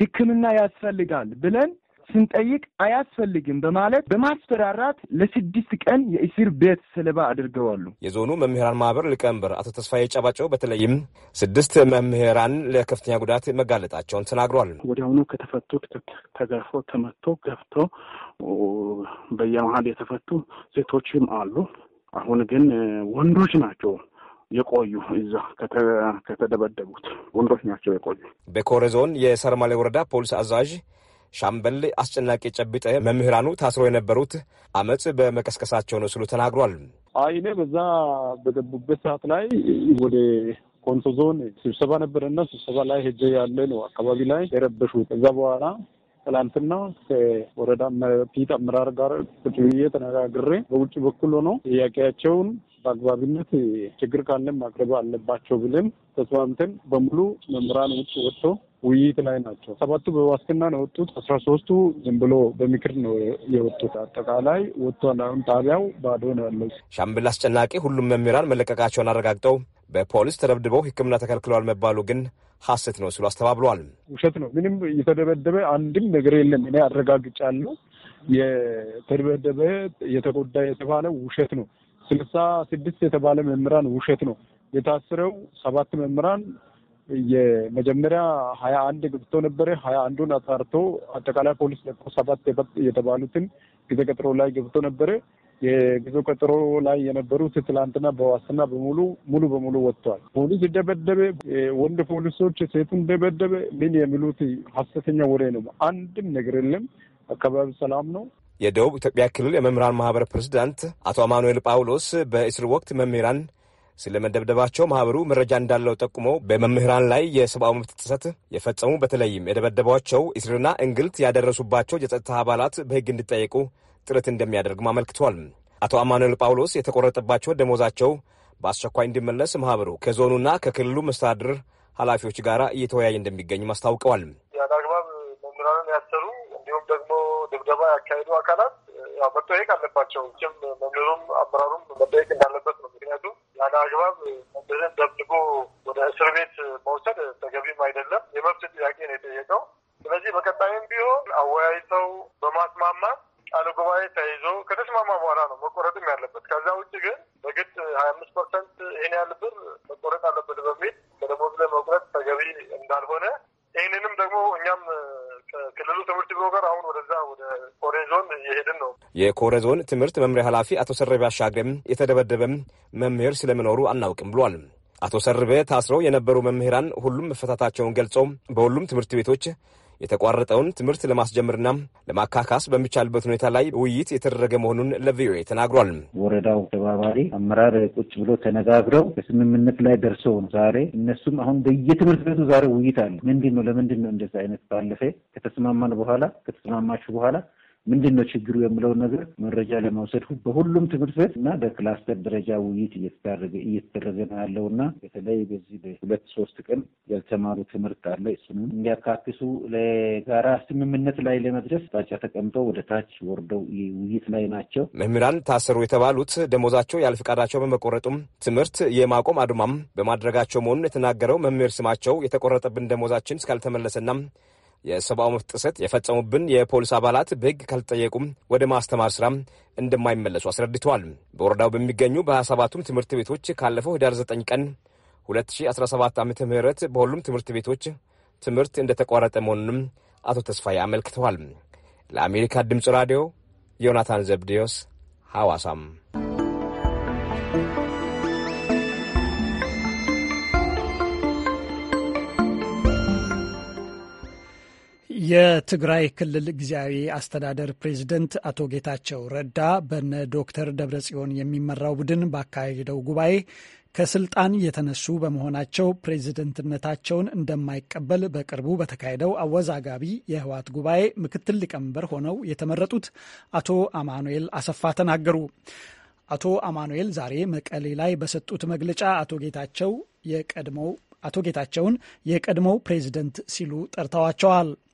ሕክምና ያስፈልጋል ብለን ስንጠይቅ አያስፈልግም በማለት በማስፈራራት ለስድስት ቀን የእስር ቤት ሰለባ አድርገዋሉ።
የዞኑ መምህራን ማህበር ሊቀመንበር አቶ ተስፋዬ ጨባጨው በተለይም ስድስት መምህራን ለከፍተኛ ጉዳት መጋለጣቸውን ተናግሯል። ወዲያውኑ ከተፈቱ ተገርፎ ተመቶ ገብቶ
በየመሀል የተፈቱ ሴቶችም አሉ። አሁን ግን
ወንዶች ናቸው የቆዩ እዛ ከተደበደቡት ወንዶች ናቸው የቆዩ። በኮሬ ዞን የሰርማሌ ወረዳ ፖሊስ አዛዥ ሻምበል አስጨናቂ ጨብጠ መምህራኑ ታስሮ የነበሩት አመፅ በመቀስቀሳቸው ነው ሲሉ ተናግሯል።
አይኔ በዛ በገቡበት ሰዓት ላይ ወደ ኮንሶ ዞን ስብሰባ ነበረና ስብሰባ ላይ ሄጄ ያለ ነው አካባቢ ላይ የረበሹ ከዛ በኋላ ትላንትና ከወረዳ ፊት አመራር ጋር ቁጭ ብዬ ተነጋግሬ በውጭ በኩል ሆኖ ጥያቄያቸውን በአግባቢነት ችግር ካለን ማቅረብ አለባቸው ብለን ተስማምተን በሙሉ መምህራን ውጭ ወጥቶ ውይይት ላይ ናቸው። ሰባቱ በዋስትና ነው የወጡት። አስራ ሶስቱ ዝም ብሎ በምክር
ነው የወጡት። አጠቃላይ ወጥቷል። አሁን ጣቢያው ባዶ ነው ያለው። ሻምበል አስጨናቂ ሁሉም መምህራን መለቀቃቸውን አረጋግጠው በፖሊስ ተደብድበው ሕክምና ተከልክለዋል መባሉ ግን ሐሰት ነው ሲሉ አስተባብለዋል።
ውሸት ነው። ምንም የተደበደበ አንድም ነገር የለም። እኔ አረጋግጫለሁ። የተደበደበ የተጎዳ የተባለ ውሸት ነው። ስልሳ ስድስት የተባለ መምህራን ውሸት ነው። የታስረው ሰባት መምህራን የመጀመሪያ ሀያ አንድ ገብቶ ነበረ። ሀያ አንዱን አጣርቶ አጠቃላይ ፖሊስ ለቆ ሰባት የተባሉትን ጊዜ ቀጥሮ ላይ ገብቶ ነበረ። የጊዜ ቀጥሮ ላይ የነበሩት ትላንትና በዋስና በሙሉ ሙሉ በሙሉ ወጥተዋል። ፖሊስ ደበደበ፣ ወንድ ፖሊሶች ሴቱን ደበደበ። ምን የሚሉት ሀሰተኛ ወሬ ነው። አንድም ነገር የለም። አካባቢ
ሰላም ነው። የደቡብ ኢትዮጵያ ክልል የመምህራን ማህበር ፕሬዚዳንት አቶ አማኑኤል ጳውሎስ በእስር ወቅት መምህራን ስለ መደብደባቸው ማህበሩ መረጃ እንዳለው ጠቁሞ በመምህራን ላይ የሰብአዊ መብት ጥሰት የፈጸሙ በተለይም የደበደቧቸው እስርና እንግልት ያደረሱባቸው የጸጥታ አባላት በሕግ እንዲጠየቁ ጥረት እንደሚያደርግም አመልክቷል። አቶ አማኑኤል ጳውሎስ የተቆረጠባቸው ደሞዛቸው በአስቸኳይ እንዲመለስ ማህበሩ ከዞኑና ከክልሉ መስተዳድር ኃላፊዎች ጋር እየተወያየ እንደሚገኝም አስታውቀዋል። ያለአግባብ መምህራንን ያሰሩ እንዲሁም ደግሞ ድብደባ ያካሄዱ
አካላት መጠየቅ አለባቸው። ችም መምህሩም አመራሩም መጠየቅ እንዳለበት ነው። ምክንያቱም ያለ አግባብ መደረን ደብድቦ ወደ እስር ቤት መውሰድ ተገቢም አይደለም። የመብት ጥያቄ ነው የጠየቀው። ስለዚህ በቀጣይም ቢሆን አወያይተው በማስማማት ቃለ ጉባኤ ተይዞ ከተስማማ በኋላ ነው መቆረጥም ያለበት። ከዛ ውጭ ግን በግድ ሀያ አምስት ፐርሰንት ይህን ያህል ብር መቆረጥ አለበት በሚል በደሞዝ ላይ መቁረጥ ተገቢ እንዳልሆነ ይህንንም ደግሞ እኛም ከክልሉ
ትምህርት ቢሮ የኮረ ዞን ትምህርት መምሪያ ኃላፊ አቶ ሰርቤ አሻግሬም የተደበደበም መምህር ስለመኖሩ አናውቅም ብሏል። አቶ ሰርቤ ታስረው የነበሩ መምህራን ሁሉም መፈታታቸውን ገልጸው በሁሉም ትምህርት ቤቶች የተቋረጠውን ትምህርት ለማስጀምርና ለማካካስ በሚቻልበት ሁኔታ ላይ ውይይት የተደረገ መሆኑን ለቪኦኤ ተናግሯል።
ወረዳው ተባባሪ አመራር ቁጭ ብሎ ተነጋግረው በስምምነት ላይ ደርሰው ነው ዛሬ እነሱም አሁን በየትምህርት ቤቱ ዛሬ ውይይት አለ። ምንድን ነው ለምንድን ነው እንደዚህ አይነት ባለፈ ከተስማማን በኋላ ከተስማማችሁ በኋላ ምንድን ነው ችግሩ የምለውን ነገር መረጃ ለመውሰድ በሁሉም ትምህርት ቤት እና በክላስተር ደረጃ ውይይት እየተደረገ ነው ያለው እና በተለይ በዚህ በሁለት ሶስት ቀን ያልተማሩ ትምህርት አለ እሱንም እንዲያካክሱ ለጋራ ስምምነት ላይ ለመድረስ ጣጫ ተቀምጠው ወደ ታች ወርደው ውይይት ላይ ናቸው። መምህራን
ታሰሩ የተባሉት ደሞዛቸው ያለ በመቆረጡም ትምህርት የማቆም አድማም በማድረጋቸው መሆኑን የተናገረው መምህር ስማቸው የተቆረጠብን ደሞዛችን እስካልተመለሰና የሰብአዊ መብት ጥሰት የፈጸሙብን የፖሊስ አባላት በሕግ ካልተጠየቁም ወደ ማስተማር ስራ እንደማይመለሱ አስረድተዋል። በወረዳው በሚገኙ በ27ቱም ትምህርት ቤቶች ካለፈው ህዳር 9 ቀን 2017 ዓ ም በሁሉም ትምህርት ቤቶች ትምህርት እንደተቋረጠ መሆኑንም አቶ ተስፋዬ አመልክተዋል። ለአሜሪካ ድምፅ ራዲዮ ዮናታን ዘብዴዎስ ሐዋሳም
የትግራይ ክልል ጊዜያዊ አስተዳደር ፕሬዝደንት አቶ ጌታቸው ረዳ በነ ዶክተር ደብረጽዮን የሚመራው ቡድን ባካሄደው ጉባኤ ከስልጣን የተነሱ በመሆናቸው ፕሬዝደንትነታቸውን እንደማይቀበል በቅርቡ በተካሄደው አወዛጋቢ የህወሓት ጉባኤ ምክትል ሊቀመንበር ሆነው የተመረጡት አቶ አማኑኤል አሰፋ ተናገሩ። አቶ አማኑኤል ዛሬ መቀሌ ላይ በሰጡት መግለጫ አቶ ጌታቸው የቀድሞው አቶ ጌታቸውን የቀድሞው ፕሬዝደንት ሲሉ ጠርተዋቸዋል።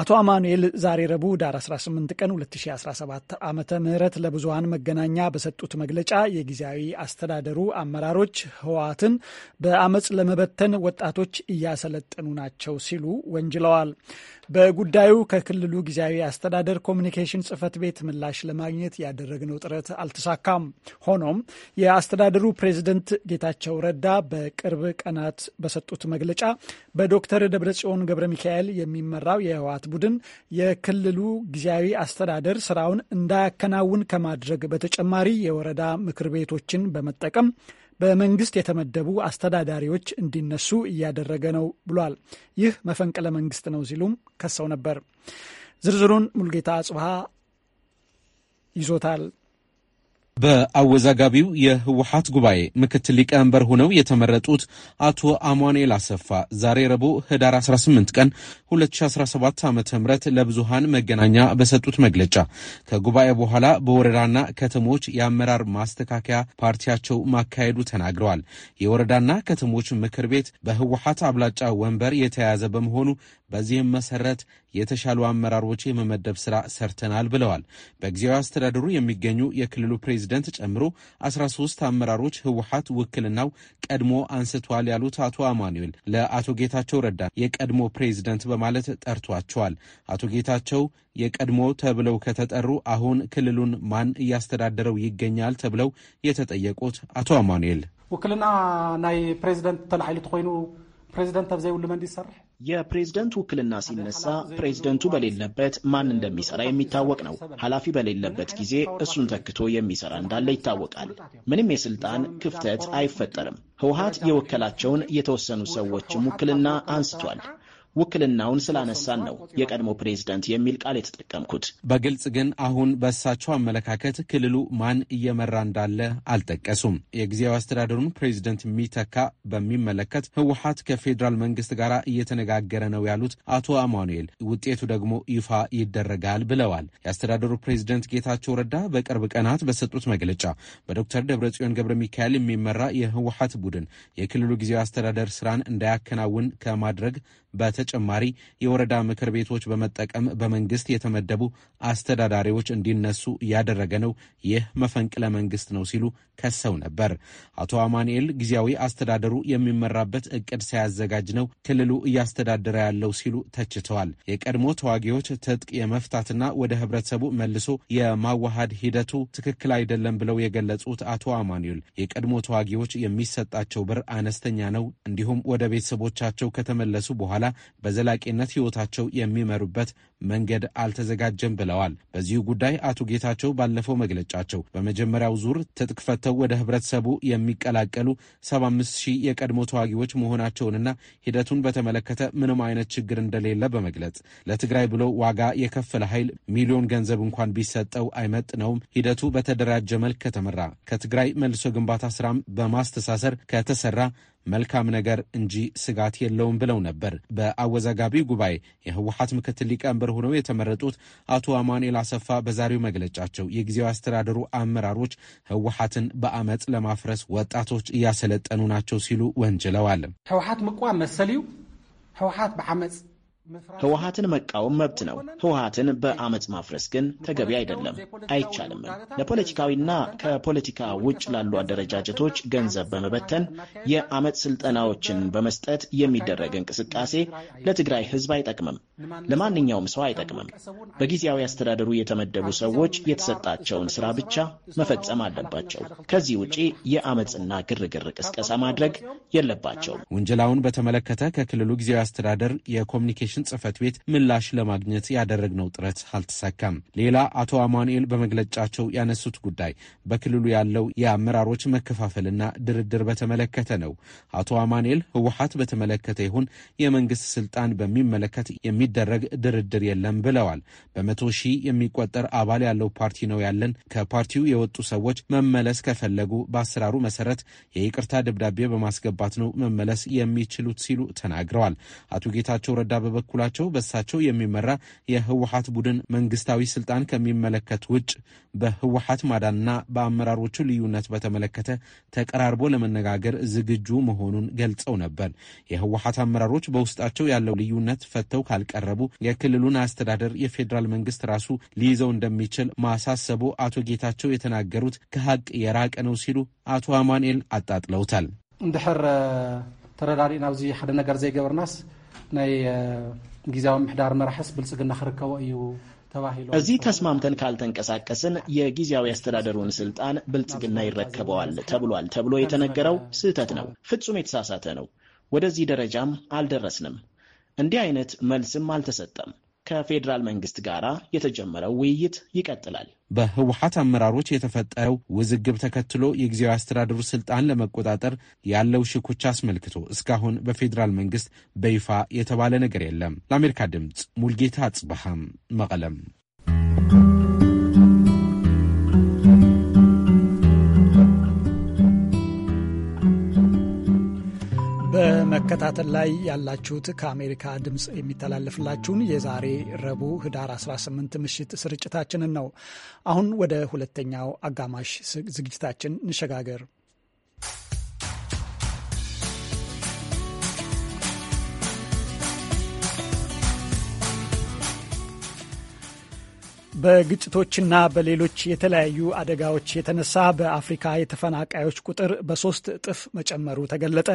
አቶ አማኑኤል ዛሬ ረቡዕ ዳር 18 ቀን 2017 ዓ ም ለብዙሀን መገናኛ በሰጡት መግለጫ የጊዜያዊ አስተዳደሩ አመራሮች ህወሓትን በአመፅ ለመበተን ወጣቶች እያሰለጠኑ ናቸው ሲሉ ወንጅለዋል። በጉዳዩ ከክልሉ ጊዜያዊ አስተዳደር ኮሚኒኬሽን ጽህፈት ቤት ምላሽ ለማግኘት ያደረግነው ጥረት አልተሳካም። ሆኖም የአስተዳደሩ ፕሬዝደንት ጌታቸው ረዳ በቅርብ ቀናት በሰጡት መግለጫ በዶክተር ደብረጽዮን ገብረ ሚካኤል የሚመራው የህወሓት የልማት ቡድን የክልሉ ጊዜያዊ አስተዳደር ስራውን እንዳያከናውን ከማድረግ በተጨማሪ የወረዳ ምክር ቤቶችን በመጠቀም በመንግስት የተመደቡ አስተዳዳሪዎች እንዲነሱ እያደረገ ነው ብሏል። ይህ መፈንቅለ መንግስት ነው ሲሉም ከሰው ነበር። ዝርዝሩን ሙልጌታ አጽብሃ ይዞታል።
በአወዛጋቢው የህወሀት ጉባኤ ምክትል ሊቀመንበር ሆነው የተመረጡት አቶ አሟኔል አሰፋ ዛሬ ረቡዕ ህዳር 18 ቀን 2017 ዓ ም ለብዙሃን መገናኛ በሰጡት መግለጫ ከጉባኤ በኋላ በወረዳና ከተሞች የአመራር ማስተካከያ ፓርቲያቸው ማካሄዱ ተናግረዋል። የወረዳና ከተሞች ምክር ቤት በህወሀት አብላጫ ወንበር የተያያዘ በመሆኑ በዚህም መሰረት የተሻሉ አመራሮች የመመደብ ስራ ሰርተናል ብለዋል። በጊዜያዊ አስተዳደሩ የሚገኙ የክልሉ ፕሬዚደንት ጨምሮ 13 አመራሮች ህወሀት ውክልናው ቀድሞ አንስቷል ያሉት አቶ አማኑኤል ለአቶ ጌታቸው ረዳ የቀድሞ ፕሬዚደንት በማለት ጠርቷቸዋል። አቶ ጌታቸው የቀድሞ ተብለው ከተጠሩ አሁን ክልሉን ማን እያስተዳደረው ይገኛል ተብለው የተጠየቁት አቶ አማኑኤል ውክልና ናይ ፕሬዚደንት ተላዒሉ ኮይኑ ፕሬዚደንት አብዛይ ሁሉ መንድ
የፕሬዝደንት ውክልና ሲነሳ ፕሬዝደንቱ በሌለበት ማን እንደሚሰራ የሚታወቅ ነው። ኃላፊ በሌለበት ጊዜ እሱን ተክቶ የሚሰራ እንዳለ ይታወቃል። ምንም የስልጣን ክፍተት አይፈጠርም። ህውሃት የወከላቸውን የተወሰኑ ሰዎችም ውክልና አንስቷል። ውክልናውን ስላነሳን ነው የቀድሞ ፕሬዝደንት የሚል ቃል የተጠቀምኩት።
በግልጽ ግን አሁን በእሳቸው አመለካከት ክልሉ ማን እየመራ እንዳለ አልጠቀሱም። የጊዜያዊ አስተዳደሩን ፕሬዝደንት የሚተካ በሚመለከት ህወሀት ከፌዴራል መንግስት ጋር እየተነጋገረ ነው ያሉት አቶ አማኑኤል ውጤቱ ደግሞ ይፋ ይደረጋል ብለዋል። የአስተዳደሩ ፕሬዝደንት ጌታቸው ረዳ በቅርብ ቀናት በሰጡት መግለጫ በዶክተር ደብረጽዮን ገብረ ሚካኤል የሚመራ የህወሀት ቡድን የክልሉ ጊዜያዊ አስተዳደር ስራን እንዳያከናውን ከማድረግ በተጨማሪ የወረዳ ምክር ቤቶች በመጠቀም በመንግስት የተመደቡ አስተዳዳሪዎች እንዲነሱ እያደረገ ነው። ይህ መፈንቅለ መንግስት ነው ሲሉ ከሰው ነበር። አቶ አማንኤል ጊዜያዊ አስተዳደሩ የሚመራበት እቅድ ሳያዘጋጅ ነው ክልሉ እያስተዳደረ ያለው ሲሉ ተችተዋል። የቀድሞ ተዋጊዎች ትጥቅ የመፍታትና ወደ ህብረተሰቡ መልሶ የማዋሃድ ሂደቱ ትክክል አይደለም ብለው የገለጹት አቶ አማንኤል የቀድሞ ተዋጊዎች የሚሰጣቸው ብር አነስተኛ ነው፣ እንዲሁም ወደ ቤተሰቦቻቸው ከተመለሱ በኋላ በኋላ በዘላቂነት ሕይወታቸው የሚመሩበት መንገድ አልተዘጋጀም ብለዋል። በዚሁ ጉዳይ አቶ ጌታቸው ባለፈው መግለጫቸው በመጀመሪያው ዙር ትጥቅ ፈተው ወደ ህብረተሰቡ የሚቀላቀሉ 75 ሺህ የቀድሞ ተዋጊዎች መሆናቸውንና ሂደቱን በተመለከተ ምንም አይነት ችግር እንደሌለ በመግለጽ ለትግራይ ብሎ ዋጋ የከፈለ ኃይል ሚሊዮን ገንዘብ እንኳን ቢሰጠው አይመጥነውም። ሂደቱ በተደራጀ መልክ ከተመራ ከትግራይ መልሶ ግንባታ ስራም በማስተሳሰር ከተሰራ መልካም ነገር እንጂ ስጋት የለውም ብለው ነበር። በአወዛጋቢ ጉባኤ የህወሀት ምክትል ሊቀመንበር ሊቀመንበር ሆነው የተመረጡት አቶ አማኑኤል አሰፋ በዛሬው መግለጫቸው የጊዜው አስተዳደሩ አመራሮች ህወሀትን በአመፅ ለማፍረስ ወጣቶች እያሰለጠኑ ናቸው ሲሉ ወንጅለዋል። ህወሀት ምቋም መሰልዩ ህወሀት በአመፅ ህወሀትን መቃወም መብት ነው። ህወሀትን በአመፅ ማፍረስ ግን
ተገቢ አይደለም፣ አይቻልም። ለፖለቲካዊና ከፖለቲካ ውጭ ላሉ አደረጃጀቶች ገንዘብ በመበተን የአመፅ ስልጠናዎችን በመስጠት የሚደረግ እንቅስቃሴ ለትግራይ ህዝብ አይጠቅምም፣ ለማንኛውም ሰው አይጠቅምም። በጊዜያዊ አስተዳደሩ የተመደቡ ሰዎች የተሰጣቸውን ስራ ብቻ መፈጸም አለባቸው። ከዚህ ውጪ የአመፅና ግርግር ቅስቀሳ ማድረግ የለባቸውም።
ውንጀላውን በተመለከተ ከክልሉ ጊዜያዊ አስተዳደር የኮሚኒኬሽን ኮሚሽን ጽህፈት ቤት ምላሽ ለማግኘት ያደረግነው ጥረት አልተሳካም። ሌላ አቶ አማኑኤል በመግለጫቸው ያነሱት ጉዳይ በክልሉ ያለው የአመራሮች መከፋፈልና ድርድር በተመለከተ ነው። አቶ አማኑኤል ህወሀት በተመለከተ ይሁን የመንግስት ስልጣን በሚመለከት የሚደረግ ድርድር የለም ብለዋል። በመቶ ሺህ የሚቆጠር አባል ያለው ፓርቲ ነው ያለን። ከፓርቲው የወጡ ሰዎች መመለስ ከፈለጉ በአሰራሩ መሰረት የይቅርታ ደብዳቤ በማስገባት ነው መመለስ የሚችሉት ሲሉ ተናግረዋል። አቶ ጌታቸው ረዳ በበኩ በበኩላቸው በሳቸው የሚመራ የህወሀት ቡድን መንግስታዊ ስልጣን ከሚመለከት ውጭ በህወሀት ማዳንና በአመራሮቹ ልዩነት በተመለከተ ተቀራርቦ ለመነጋገር ዝግጁ መሆኑን ገልጸው ነበር። የህወሀት አመራሮች በውስጣቸው ያለው ልዩነት ፈተው ካልቀረቡ የክልሉን አስተዳደር የፌዴራል መንግስት ራሱ ሊይዘው እንደሚችል ማሳሰቡ አቶ ጌታቸው የተናገሩት ከሀቅ የራቀ ነው ሲሉ አቶ አማኑኤል አጣጥለውታል። እንድሕር ተረዳሪእና ኣብዚ ሓደ ነገር ዘይገበርናስ ናይ ግዜያዊ ምሕዳር መራሕስ ብልፅግና ክርከቦ እዩ እዚ ተስማምተን
ካልተንቀሳቀስን የጊዜያዊ አስተዳደሩን ስልጣን ብልጽግና ይረከበዋል ተብሏል ተብሎ የተነገረው ስህተት ነው። ፍጹም የተሳሳተ ነው። ወደዚህ ደረጃም አልደረስንም። እንዲህ አይነት መልስም አልተሰጠም። ከፌዴራል መንግስት ጋር የተጀመረው ውይይት ይቀጥላል።
በህወሀት አመራሮች የተፈጠረው ውዝግብ ተከትሎ የጊዜያዊ አስተዳደሩ ስልጣን ለመቆጣጠር ያለው ሽኩቻ አስመልክቶ እስካሁን በፌዴራል መንግስት በይፋ የተባለ ነገር የለም። ለአሜሪካ ድምፅ ሙልጌታ አጽበሃም መቀለም
በመከታተል ላይ ያላችሁት ከአሜሪካ ድምፅ የሚተላለፍላችሁን የዛሬ ረቡዕ ህዳር 18 ምሽት ስርጭታችንን ነው። አሁን ወደ ሁለተኛው አጋማሽ ዝግጅታችን እንሸጋገር። በግጭቶችና በሌሎች የተለያዩ አደጋዎች የተነሳ በአፍሪካ የተፈናቃዮች ቁጥር በሶስት እጥፍ መጨመሩ ተገለጠ።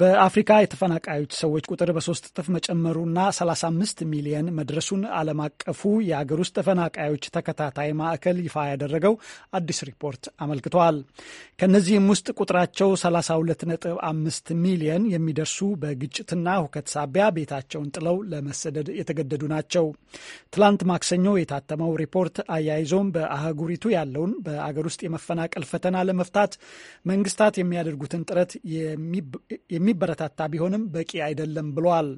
በአፍሪካ የተፈናቃዮች ሰዎች ቁጥር በሶስት እጥፍ መጨመሩና 35 ሚሊየን መድረሱን ዓለም አቀፉ የአገር ውስጥ ተፈናቃዮች ተከታታይ ማዕከል ይፋ ያደረገው አዲስ ሪፖርት አመልክተዋል። ከእነዚህም ውስጥ ቁጥራቸው 32.5 ሚሊየን የሚደርሱ በግጭትና ሁከት ሳቢያ ቤታቸውን ጥለው ለመሰደድ የተገደዱ ናቸው። ትላንት ማክሰኞ የታተ የጠቆመው ሪፖርት አያይዞም በአህጉሪቱ ያለውን በአገር ውስጥ የመፈናቀል ፈተና ለመፍታት መንግስታት የሚያደርጉትን ጥረት የሚበረታታ ቢሆንም በቂ አይደለም ብለዋል።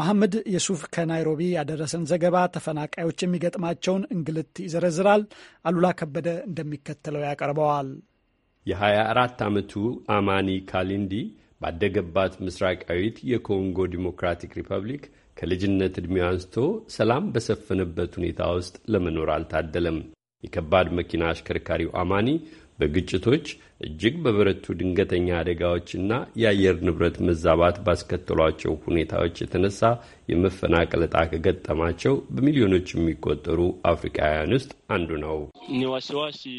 መሐመድ የሱፍ ከናይሮቢ ያደረሰን ዘገባ ተፈናቃዮች የሚገጥማቸውን እንግልት ይዘረዝራል። አሉላ ከበደ እንደሚከተለው ያቀርበዋል።
የ24 ዓመቱ አማኒ ካሊንዲ ባደገባት ምስራቃዊት የኮንጎ ዲሞክራቲክ ሪፐብሊክ ከልጅነት ዕድሜው አንስቶ ሰላም በሰፈነበት ሁኔታ ውስጥ ለመኖር አልታደለም። የከባድ መኪና አሽከርካሪው አማኒ በግጭቶች እጅግ በበረቱ ድንገተኛ አደጋዎችና የአየር ንብረት መዛባት ባስከተሏቸው ሁኔታዎች የተነሳ የመፈናቀል ዕጣ ከገጠማቸው በሚሊዮኖች የሚቆጠሩ አፍሪካውያን ውስጥ አንዱ ነው።
ni wasiwasi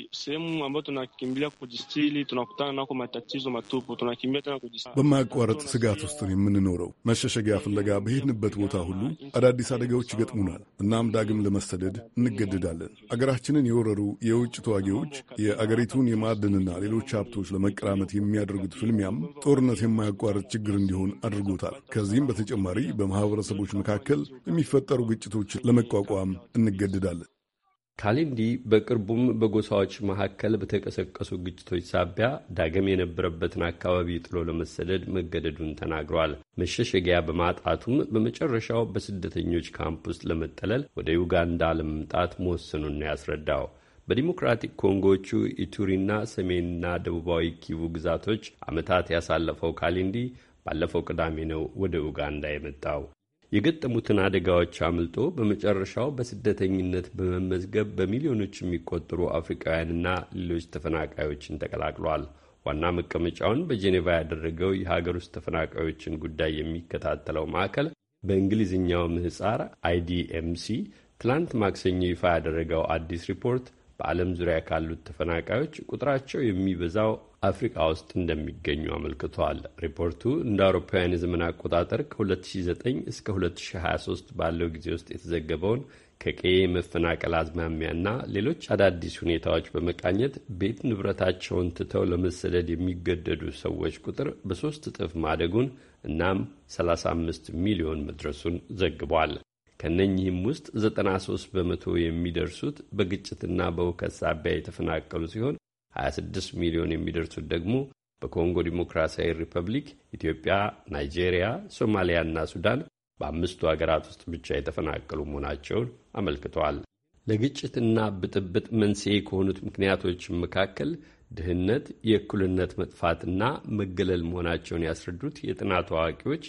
በማያቋረጥ ስጋት ውስጥ የምንኖረው መሸሸጊያ ፍለጋ በሄድንበት ቦታ ሁሉ አዳዲስ አደጋዎች ይገጥሙናል። እናም ዳግም ለመሰደድ እንገደዳለን። አገራችንን የወረሩ የውጭ ተዋጊዎች የአገሪቱን የማዕድንና ሌሎች ሌሎች ሀብቶች ለመቀራመት የሚያደርጉት ፍልሚያም ጦርነት የማያቋርጥ ችግር እንዲሆን አድርጎታል። ከዚህም በተጨማሪ በማህበረሰቦች መካከል የሚፈጠሩ ግጭቶች ለመቋቋም እንገደዳለን።
ካሊንዲ በቅርቡም በጎሳዎች መካከል በተቀሰቀሱ ግጭቶች ሳቢያ ዳግም የነበረበትን አካባቢ ጥሎ ለመሰደድ መገደዱን ተናግሯል። መሸሸጊያ በማጣቱም በመጨረሻው በስደተኞች ካምፕ ውስጥ ለመጠለል ወደ ዩጋንዳ ለመምጣት መወሰኑን ያስረዳው በዲሞክራቲክ ኮንጎዎቹ ኢቱሪና ሰሜንና ደቡባዊ ኪቡ ግዛቶች ዓመታት ያሳለፈው ካሊንዲ ባለፈው ቅዳሜ ነው ወደ ኡጋንዳ የመጣው። የገጠሙትን አደጋዎች አምልጦ በመጨረሻው በስደተኝነት በመመዝገብ በሚሊዮኖች የሚቆጠሩ አፍሪካውያንና ሌሎች ተፈናቃዮችን ተቀላቅሏል። ዋና መቀመጫውን በጄኔቫ ያደረገው የሀገር ውስጥ ተፈናቃዮችን ጉዳይ የሚከታተለው ማዕከል በእንግሊዝኛው ምህጻር አይዲኤምሲ ትላንት ማክሰኞ ይፋ ያደረገው አዲስ ሪፖርት በዓለም ዙሪያ ካሉት ተፈናቃዮች ቁጥራቸው የሚበዛው አፍሪቃ ውስጥ እንደሚገኙ አመልክቷል። ሪፖርቱ እንደ አውሮፓውያን የዘመን አቆጣጠር ከ2009 እስከ 2023 ባለው ጊዜ ውስጥ የተዘገበውን ከቀዬ መፈናቀል አዝማሚያና ሌሎች አዳዲስ ሁኔታዎች በመቃኘት ቤት ንብረታቸውን ትተው ለመሰደድ የሚገደዱ ሰዎች ቁጥር በሶስት እጥፍ ማደጉን እናም 35 ሚሊዮን መድረሱን ዘግቧል። ከነኚህም ውስጥ 93 በመቶ የሚደርሱት በግጭትና በውከት ሳቢያ የተፈናቀሉ ሲሆን 26 ሚሊዮን የሚደርሱት ደግሞ በኮንጎ ዲሞክራሲያዊ ሪፐብሊክ፣ ኢትዮጵያ፣ ናይጄሪያ፣ እና ሱዳን በአምስቱ ሀገራት ውስጥ ብቻ የተፈናቀሉ መሆናቸውን አመልክተዋል። ለግጭትና ብጥብጥ መንስኤ ከሆኑት ምክንያቶች መካከል ድህነት፣ የእኩልነት መጥፋትና መገለል መሆናቸውን ያስረዱት የጥናት አዋቂዎች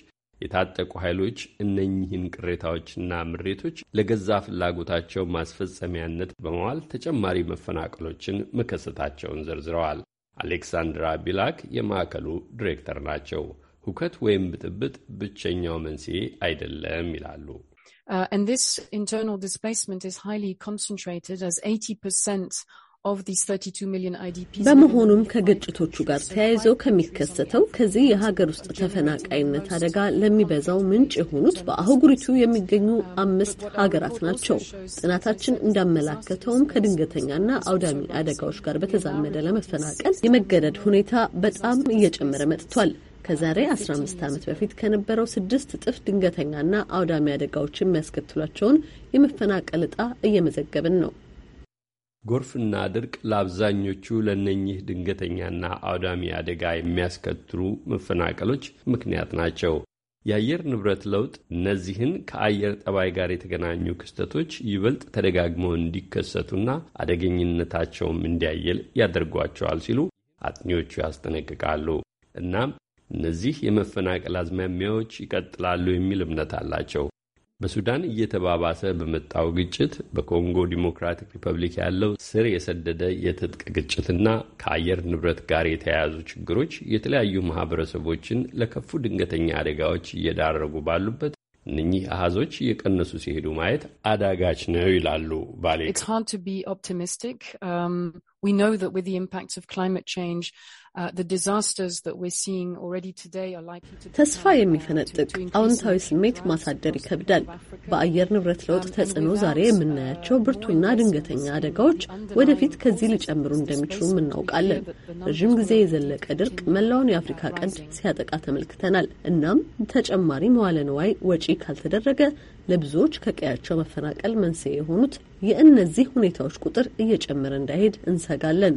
የታጠቁ ኃይሎች እነኚህን ቅሬታዎችና ምሬቶች ለገዛ ፍላጎታቸው ማስፈጸሚያነት በመዋል ተጨማሪ መፈናቀሎችን መከሰታቸውን ዘርዝረዋል። አሌክሳንድራ ቢላክ የማዕከሉ ዲሬክተር ናቸው። ሁከት ወይም ብጥብጥ ብቸኛው መንስኤ
አይደለም ይላሉ።
Uh, and this internal displacement is highly concentrated as 80%
በመሆኑም ከግጭቶቹ ጋር ተያይዘው ከሚከሰተው ከዚህ የሀገር ውስጥ ተፈናቃይነት አደጋ ለሚበዛው ምንጭ የሆኑት um, በአህጉሪቱ um, የሚገኙ um, አምስት ሀገራት ናቸው። ጥናታችን እንዳመላከተውም ከድንገተኛና አውዳሚ አደጋዎች ጋር በተዛመደ ለመፈናቀል የመገደድ ሁኔታ በጣም እየጨመረ መጥቷል። ከዛሬ 15 ዓመት በፊት ከነበረው ስድስት እጥፍ ድንገተኛና አውዳሚ አደጋዎች የሚያስከትሏቸውን የመፈናቀል እጣ እየመዘገብን ነው።
ጎርፍና ድርቅ ለአብዛኞቹ ለነኚህ ድንገተኛና አውዳሚ አደጋ የሚያስከትሉ መፈናቀሎች ምክንያት ናቸው። የአየር ንብረት ለውጥ እነዚህን ከአየር ጠባይ ጋር የተገናኙ ክስተቶች ይበልጥ ተደጋግመው እንዲከሰቱና አደገኝነታቸውም እንዲያየል ያደርጓቸዋል ሲሉ አጥኚዎቹ ያስጠነቅቃሉ። እናም እነዚህ የመፈናቀል አዝማሚያዎች ይቀጥላሉ የሚል እምነት አላቸው። በሱዳን እየተባባሰ በመጣው ግጭት በኮንጎ ዲሞክራቲክ ሪፐብሊክ ያለው ስር የሰደደ የትጥቅ ግጭትና ከአየር ንብረት ጋር የተያያዙ ችግሮች የተለያዩ ማህበረሰቦችን ለከፉ ድንገተኛ አደጋዎች እየዳረጉ ባሉበት እነኚህ አሃዞች እየቀነሱ ሲሄዱ ማየት አዳጋች ነው ይላሉ ባሌ
We know that with the impacts of climate change, uh,
ተስፋ የሚፈነጥቅ አዎንታዊ ስሜት ማሳደር ይከብዳል። በአየር ንብረት ለውጥ um, ተጽዕኖ ዛሬ የምናያቸው ብርቱና ድንገተኛ አደጋዎች ወደፊት ከዚህ ሊጨምሩ እንደሚችሉ እናውቃለን። ረዥም ጊዜ የዘለቀ ድርቅ መላውን የአፍሪካ ቀንድ ሲያጠቃ ተመልክተናል። እናም ተጨማሪ መዋለ ንዋይ ወጪ ካልተደረገ ለብዙዎች ከቀያቸው መፈናቀል መንስኤ የሆኑት የእነዚህ ሁኔታዎች ቁጥር እየጨመረ እንዳይሄድ እንሰጋለን።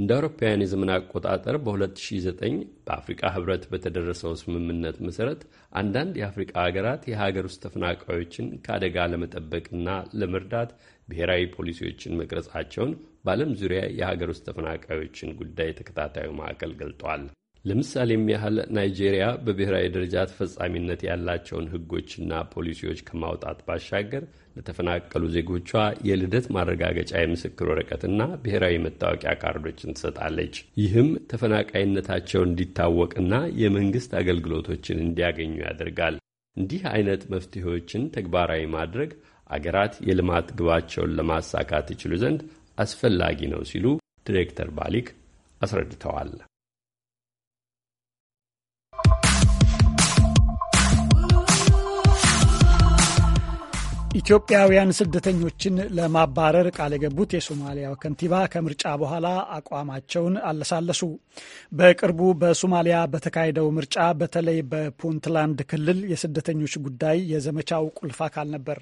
እንደ አውሮፓውያን የዘመን አቆጣጠር በ2009 በአፍሪቃ ህብረት በተደረሰው ስምምነት መሰረት አንዳንድ የአፍሪቃ ሀገራት የሀገር ውስጥ ተፈናቃዮችን ከአደጋ ለመጠበቅና ለመርዳት ብሔራዊ ፖሊሲዎችን መቅረጻቸውን በዓለም ዙሪያ የሀገር ውስጥ ተፈናቃዮችን ጉዳይ ተከታታዩ ማዕከል ገልጧል። ለምሳሌም ያህል ናይጄሪያ በብሔራዊ ደረጃ ተፈጻሚነት ያላቸውን ሕጎችና ፖሊሲዎች ከማውጣት ባሻገር ለተፈናቀሉ ዜጎቿ የልደት ማረጋገጫ የምስክር ወረቀትና ብሔራዊ መታወቂያ ካርዶችን ትሰጣለች። ይህም ተፈናቃይነታቸው እንዲታወቅና የመንግስት አገልግሎቶችን እንዲያገኙ ያደርጋል። እንዲህ አይነት መፍትሄዎችን ተግባራዊ ማድረግ አገራት የልማት ግባቸውን ለማሳካት ይችሉ ዘንድ አስፈላጊ ነው ሲሉ ዲሬክተር ባሊክ አስረድተዋል።
ኢትዮጵያውያን ስደተኞችን ለማባረር ቃል የገቡት የሶማሊያ ከንቲባ ከምርጫ በኋላ አቋማቸውን አለሳለሱ። በቅርቡ በሶማሊያ በተካሄደው ምርጫ በተለይ በፑንትላንድ ክልል የስደተኞች ጉዳይ የዘመቻው ቁልፍ አካል ነበር።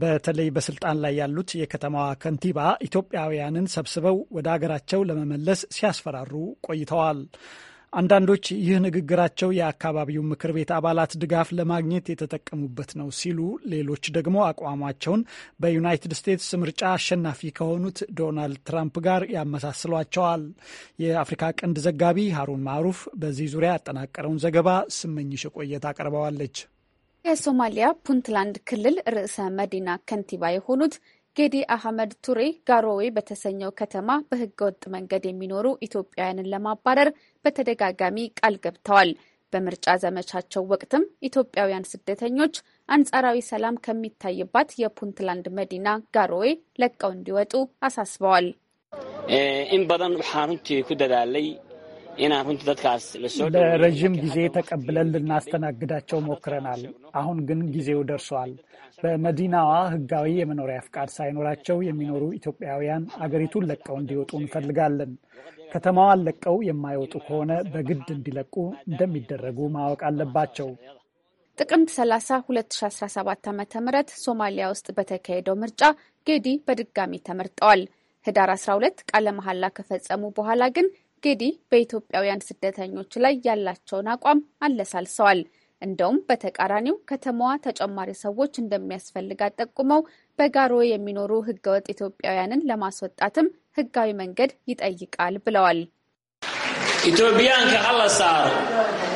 በተለይ በስልጣን ላይ ያሉት የከተማዋ ከንቲባ ኢትዮጵያውያንን ሰብስበው ወደ አገራቸው ለመመለስ ሲያስፈራሩ ቆይተዋል። አንዳንዶች ይህ ንግግራቸው የአካባቢው ምክር ቤት አባላት ድጋፍ ለማግኘት የተጠቀሙበት ነው ሲሉ፣ ሌሎች ደግሞ አቋማቸውን በዩናይትድ ስቴትስ ምርጫ አሸናፊ ከሆኑት ዶናልድ ትራምፕ ጋር ያመሳስሏቸዋል። የአፍሪካ ቀንድ ዘጋቢ ሀሩን ማሩፍ በዚህ ዙሪያ ያጠናቀረውን ዘገባ ስመኝሽ ቆየት አቀርበዋለች።
የሶማሊያ ፑንትላንድ ክልል ርዕሰ መዲና ከንቲባ የሆኑት ጌዲ አህመድ ቱሬ ጋሮዌ በተሰኘው ከተማ በህገወጥ መንገድ የሚኖሩ ኢትዮጵያውያንን ለማባረር በተደጋጋሚ ቃል ገብተዋል። በምርጫ ዘመቻቸው ወቅትም ኢትዮጵያውያን ስደተኞች አንጻራዊ ሰላም ከሚታይባት የፑንትላንድ መዲና ጋሮዌ ለቀው እንዲወጡ አሳስበዋል።
ለረዥም ጊዜ
ተቀብለን ልናስተናግዳቸው ሞክረናል። አሁን ግን ጊዜው ደርሷል። በመዲናዋ ሕጋዊ የመኖሪያ ፍቃድ ሳይኖራቸው የሚኖሩ ኢትዮጵያውያን አገሪቱን ለቀው እንዲወጡ እንፈልጋለን። ከተማዋን ለቀው የማይወጡ ከሆነ በግድ እንዲለቁ እንደሚደረጉ ማወቅ አለባቸው።
ጥቅምት 30 2017 ዓ ም ሶማሊያ ውስጥ በተካሄደው ምርጫ ጌዲ በድጋሚ ተመርጠዋል። ህዳር 12 ቃለ መሐላ ከፈጸሙ በኋላ ግን ጌዲ በኢትዮጵያውያን ስደተኞች ላይ ያላቸውን አቋም አለሳልሰዋል። እንደውም በተቃራኒው ከተማዋ ተጨማሪ ሰዎች እንደሚያስፈልጋት ጠቁመው በጋሮ የሚኖሩ ህገወጥ ኢትዮጵያውያንን ለማስወጣትም ህጋዊ መንገድ ይጠይቃል ብለዋል።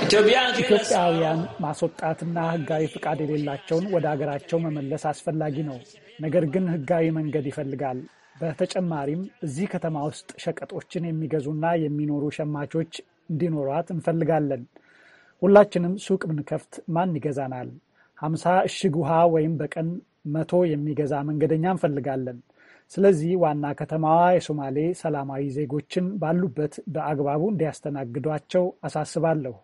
ኢትዮጵያውያን
ማስወጣትና ህጋዊ ፍቃድ የሌላቸውን ወደ ሀገራቸው መመለስ አስፈላጊ ነው። ነገር ግን ህጋዊ መንገድ ይፈልጋል። በተጨማሪም እዚህ ከተማ ውስጥ ሸቀጦችን የሚገዙና የሚኖሩ ሸማቾች እንዲኖሯት እንፈልጋለን። ሁላችንም ሱቅ ብንከፍት ማን ይገዛናል? ሀምሳ እሽግ ውሃ ወይም በቀን መቶ የሚገዛ መንገደኛ እንፈልጋለን። ስለዚህ ዋና ከተማዋ የሶማሌ ሰላማዊ ዜጎችን ባሉበት በአግባቡ እንዲያስተናግዷቸው አሳስባለሁ።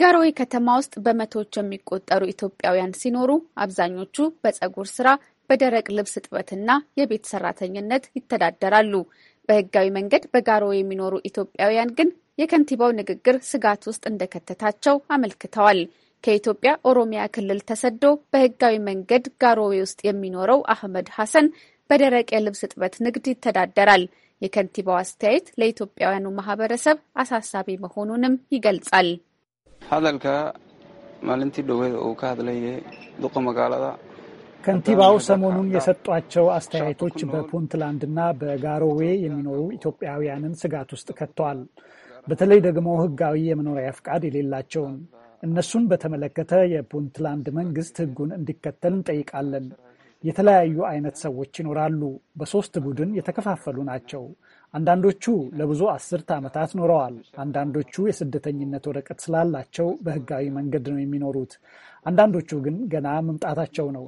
ጋሮዌ ከተማ ውስጥ በመቶዎች የሚቆጠሩ ኢትዮጵያውያን ሲኖሩ አብዛኞቹ በፀጉር ስራ በደረቅ ልብስ እጥበትና የቤት ሰራተኝነት ይተዳደራሉ። በህጋዊ መንገድ በጋሮ የሚኖሩ ኢትዮጵያውያን ግን የከንቲባው ንግግር ስጋት ውስጥ እንደከተታቸው አመልክተዋል። ከኢትዮጵያ ኦሮሚያ ክልል ተሰዶ በህጋዊ መንገድ ጋሮዌ ውስጥ የሚኖረው አህመድ ሐሰን በደረቅ የልብስ እጥበት ንግድ ይተዳደራል። የከንቲባው አስተያየት ለኢትዮጵያውያኑ ማህበረሰብ አሳሳቢ መሆኑንም ይገልጻል።
ሀለልከ ማልንቲ ዶዌ ኡካ ሀድለየ ዱቆ መጋላዳ
ከንቲባው ሰሞኑን የሰጧቸው አስተያየቶች በፑንትላንድና በጋሮዌ የሚኖሩ ኢትዮጵያውያንን ስጋት ውስጥ ከተዋል። በተለይ ደግሞ ሕጋዊ የመኖሪያ ፍቃድ የሌላቸውን እነሱን በተመለከተ የፑንትላንድ መንግስት ሕጉን እንዲከተል እንጠይቃለን። የተለያዩ አይነት ሰዎች ይኖራሉ። በሶስት ቡድን የተከፋፈሉ ናቸው። አንዳንዶቹ ለብዙ አስርት ዓመታት ኖረዋል። አንዳንዶቹ የስደተኝነት ወረቀት ስላላቸው በህጋዊ መንገድ ነው የሚኖሩት። አንዳንዶቹ ግን ገና መምጣታቸው ነው።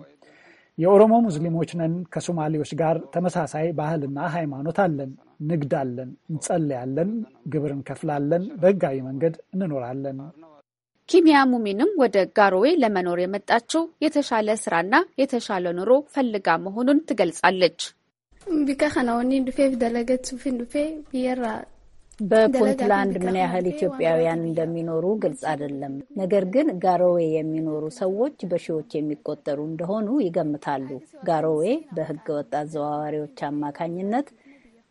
የኦሮሞ ሙስሊሞች ነን ከሶማሌዎች ጋር ተመሳሳይ ባህልና ሃይማኖት አለን፣ ንግድ አለን፣ እንጸለያለን፣ ግብር እንከፍላለን፣ በህጋዊ መንገድ እንኖራለን።
ኪሚያ ሙሚንም ወደ ጋሮዌ ለመኖር የመጣችው የተሻለ ስራና የተሻለ ኑሮ ፈልጋ መሆኑን ትገልጻለች። ቢካ ከናውኒ ዱፌ ደለገት ሱፊን ዱፌ ብየራ በፑንትላንድ ምን ያህል
ኢትዮጵያውያን እንደሚኖሩ ግልጽ አይደለም። ነገር ግን ጋሮዌ የሚኖሩ ሰዎች በሺዎች የሚቆጠሩ እንደሆኑ ይገምታሉ። ጋሮዌ በህገወጥ አዘዋዋሪዎች አማካኝነት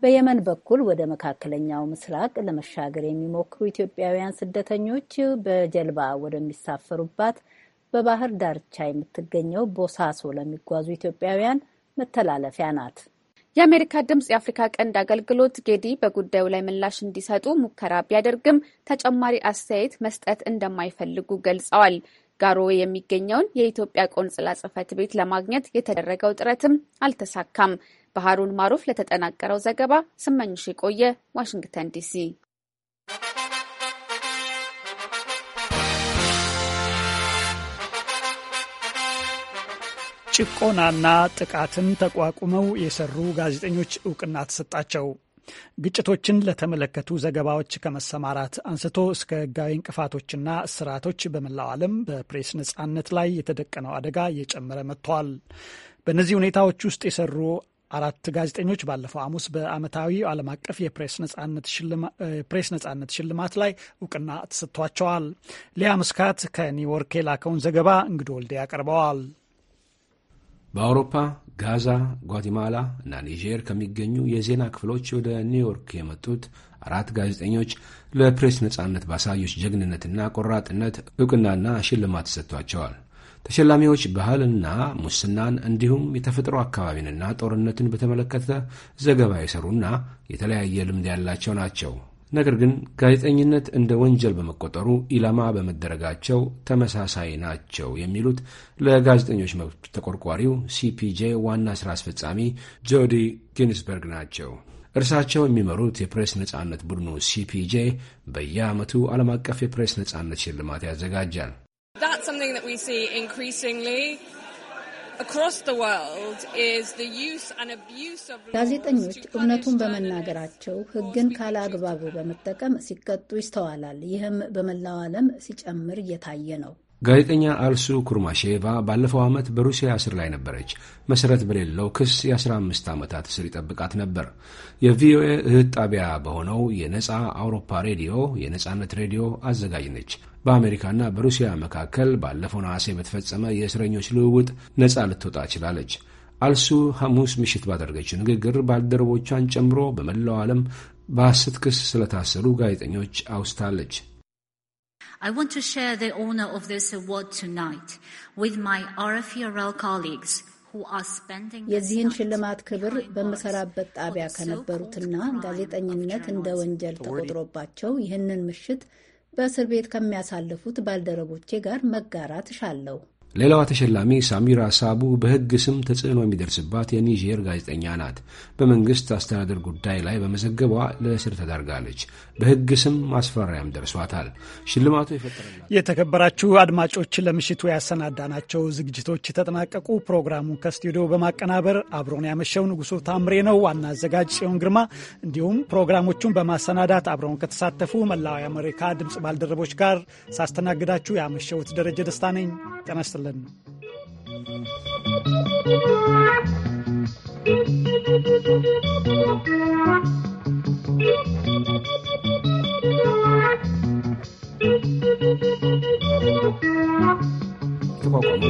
በየመን በኩል ወደ መካከለኛው ምስራቅ ለመሻገር የሚሞክሩ ኢትዮጵያውያን ስደተኞች በጀልባ ወደሚሳፈሩባት በባህር ዳርቻ
የምትገኘው ቦሳሶ ለሚጓዙ ኢትዮጵያውያን መተላለፊያ ናት። የአሜሪካ ድምፅ የአፍሪካ ቀንድ አገልግሎት ጌዲ በጉዳዩ ላይ ምላሽ እንዲሰጡ ሙከራ ቢያደርግም ተጨማሪ አስተያየት መስጠት እንደማይፈልጉ ገልጸዋል። ጋሮ የሚገኘውን የኢትዮጵያ ቆንጽላ ጽህፈት ቤት ለማግኘት የተደረገው ጥረትም አልተሳካም። ባህሩን ማሩፍ ለተጠናቀረው ዘገባ ስመኝሽ የቆየ ዋሽንግተን ዲሲ
ጭቆናና ጥቃትን ተቋቁመው የሰሩ ጋዜጠኞች እውቅና ተሰጣቸው። ግጭቶችን ለተመለከቱ ዘገባዎች ከመሰማራት አንስቶ እስከ ሕጋዊ እንቅፋቶችና እስራቶች በመላው ዓለም በፕሬስ ነጻነት ላይ የተደቀነው አደጋ እየጨመረ መጥቷል። በእነዚህ ሁኔታዎች ውስጥ የሰሩ አራት ጋዜጠኞች ባለፈው ሐሙስ በዓመታዊ ዓለም አቀፍ የፕሬስ ነጻነት ሽልማት ላይ እውቅና ተሰጥቷቸዋል። ሊያ ምስካት ከኒውዮርክ የላከውን ዘገባ እንግዶ ወልዴ ያቀርበዋል።
በአውሮፓ ጋዛ፣ ጓቲማላ እና ኒጀር ከሚገኙ የዜና ክፍሎች ወደ ኒውዮርክ የመጡት አራት ጋዜጠኞች ለፕሬስ ነጻነት ባሳዮች ጀግንነትና ቆራጥነት እውቅናና ሽልማት ሰጥቷቸዋል። ተሸላሚዎች ባህልና ሙስናን እንዲሁም የተፈጥሮ አካባቢንና ጦርነትን በተመለከተ ዘገባ የሰሩና የተለያየ ልምድ ያላቸው ናቸው። ነገር ግን ጋዜጠኝነት እንደ ወንጀል በመቆጠሩ ኢላማ በመደረጋቸው ተመሳሳይ ናቸው የሚሉት ለጋዜጠኞች መብት ተቆርቋሪው ሲፒጄ ዋና ሥራ አስፈጻሚ ጆዲ ጊንስበርግ ናቸው። እርሳቸው የሚመሩት የፕሬስ ነጻነት ቡድኑ ሲፒጄ በየዓመቱ ዓለም አቀፍ የፕሬስ ነጻነት ሽልማት ያዘጋጃል።
ጋዜጠኞች
እውነቱን በመናገራቸው ሕግን ካለ አግባቡ በመጠቀም ሲቀጡ ይስተዋላል። ይህም በመላው ዓለም ሲጨምር እየታየ ነው።
ጋዜጠኛ አልሱ ኩርማሼቫ ባለፈው ዓመት በሩሲያ እስር ላይ ነበረች። መሠረት በሌለው ክስ የ15 ዓመታት እስር ይጠብቃት ነበር። የቪኦኤ እህት ጣቢያ በሆነው የነፃ አውሮፓ ሬዲዮ የነፃነት ሬዲዮ አዘጋጅ ነች። በአሜሪካና በሩሲያ መካከል ባለፈው ነሐሴ በተፈጸመ የእስረኞች ልውውጥ ነፃ ልትወጣ ችላለች። አልሱ ሐሙስ ምሽት ባደረገችው ንግግር ባልደረቦቿን ጨምሮ በመላው ዓለም በሐሰት ክስ ስለታሰሩ ጋዜጠኞች አውስታለች።
I want to share the honor of this award tonight with my e colleagues. የዚህን ሽልማት ክብር በምሰራበት ጣቢያ ከነበሩትና ጋዜጠኝነት እንደ ወንጀል ተቆጥሮባቸው ይህንን ምሽት በእስር ቤት ከሚያሳልፉት ባልደረቦቼ ጋር መጋራት እሻለሁ።
ሌላዋ ተሸላሚ ሳሚራ ሳቡ በሕግ ስም ተጽዕኖ የሚደርስባት የኒጀር ጋዜጠኛ ናት። በመንግሥት አስተዳደር ጉዳይ ላይ በመዘገቧ ለእስር ተዳርጋለች። በሕግ ስም ማስፈራሪያም ደርሷታል። ሽልማቱ የተከበራችሁ አድማጮች፣ ለምሽቱ ያሰናዳናቸው
ዝግጅቶች የተጠናቀቁ። ፕሮግራሙን ከስቱዲዮ በማቀናበር አብሮን ያመሸው ንጉሱ ታምሬ ነው። ዋና አዘጋጅ ጽዮን ግርማ፣ እንዲሁም ፕሮግራሞቹን በማሰናዳት አብረውን ከተሳተፉ መላው የአሜሪካ ድምፅ ባልደረቦች ጋር ሳስተናግዳችሁ ያመሸሁት ደረጀ ደስታ ነኝ። ጤና Ireland.
Cảm ơn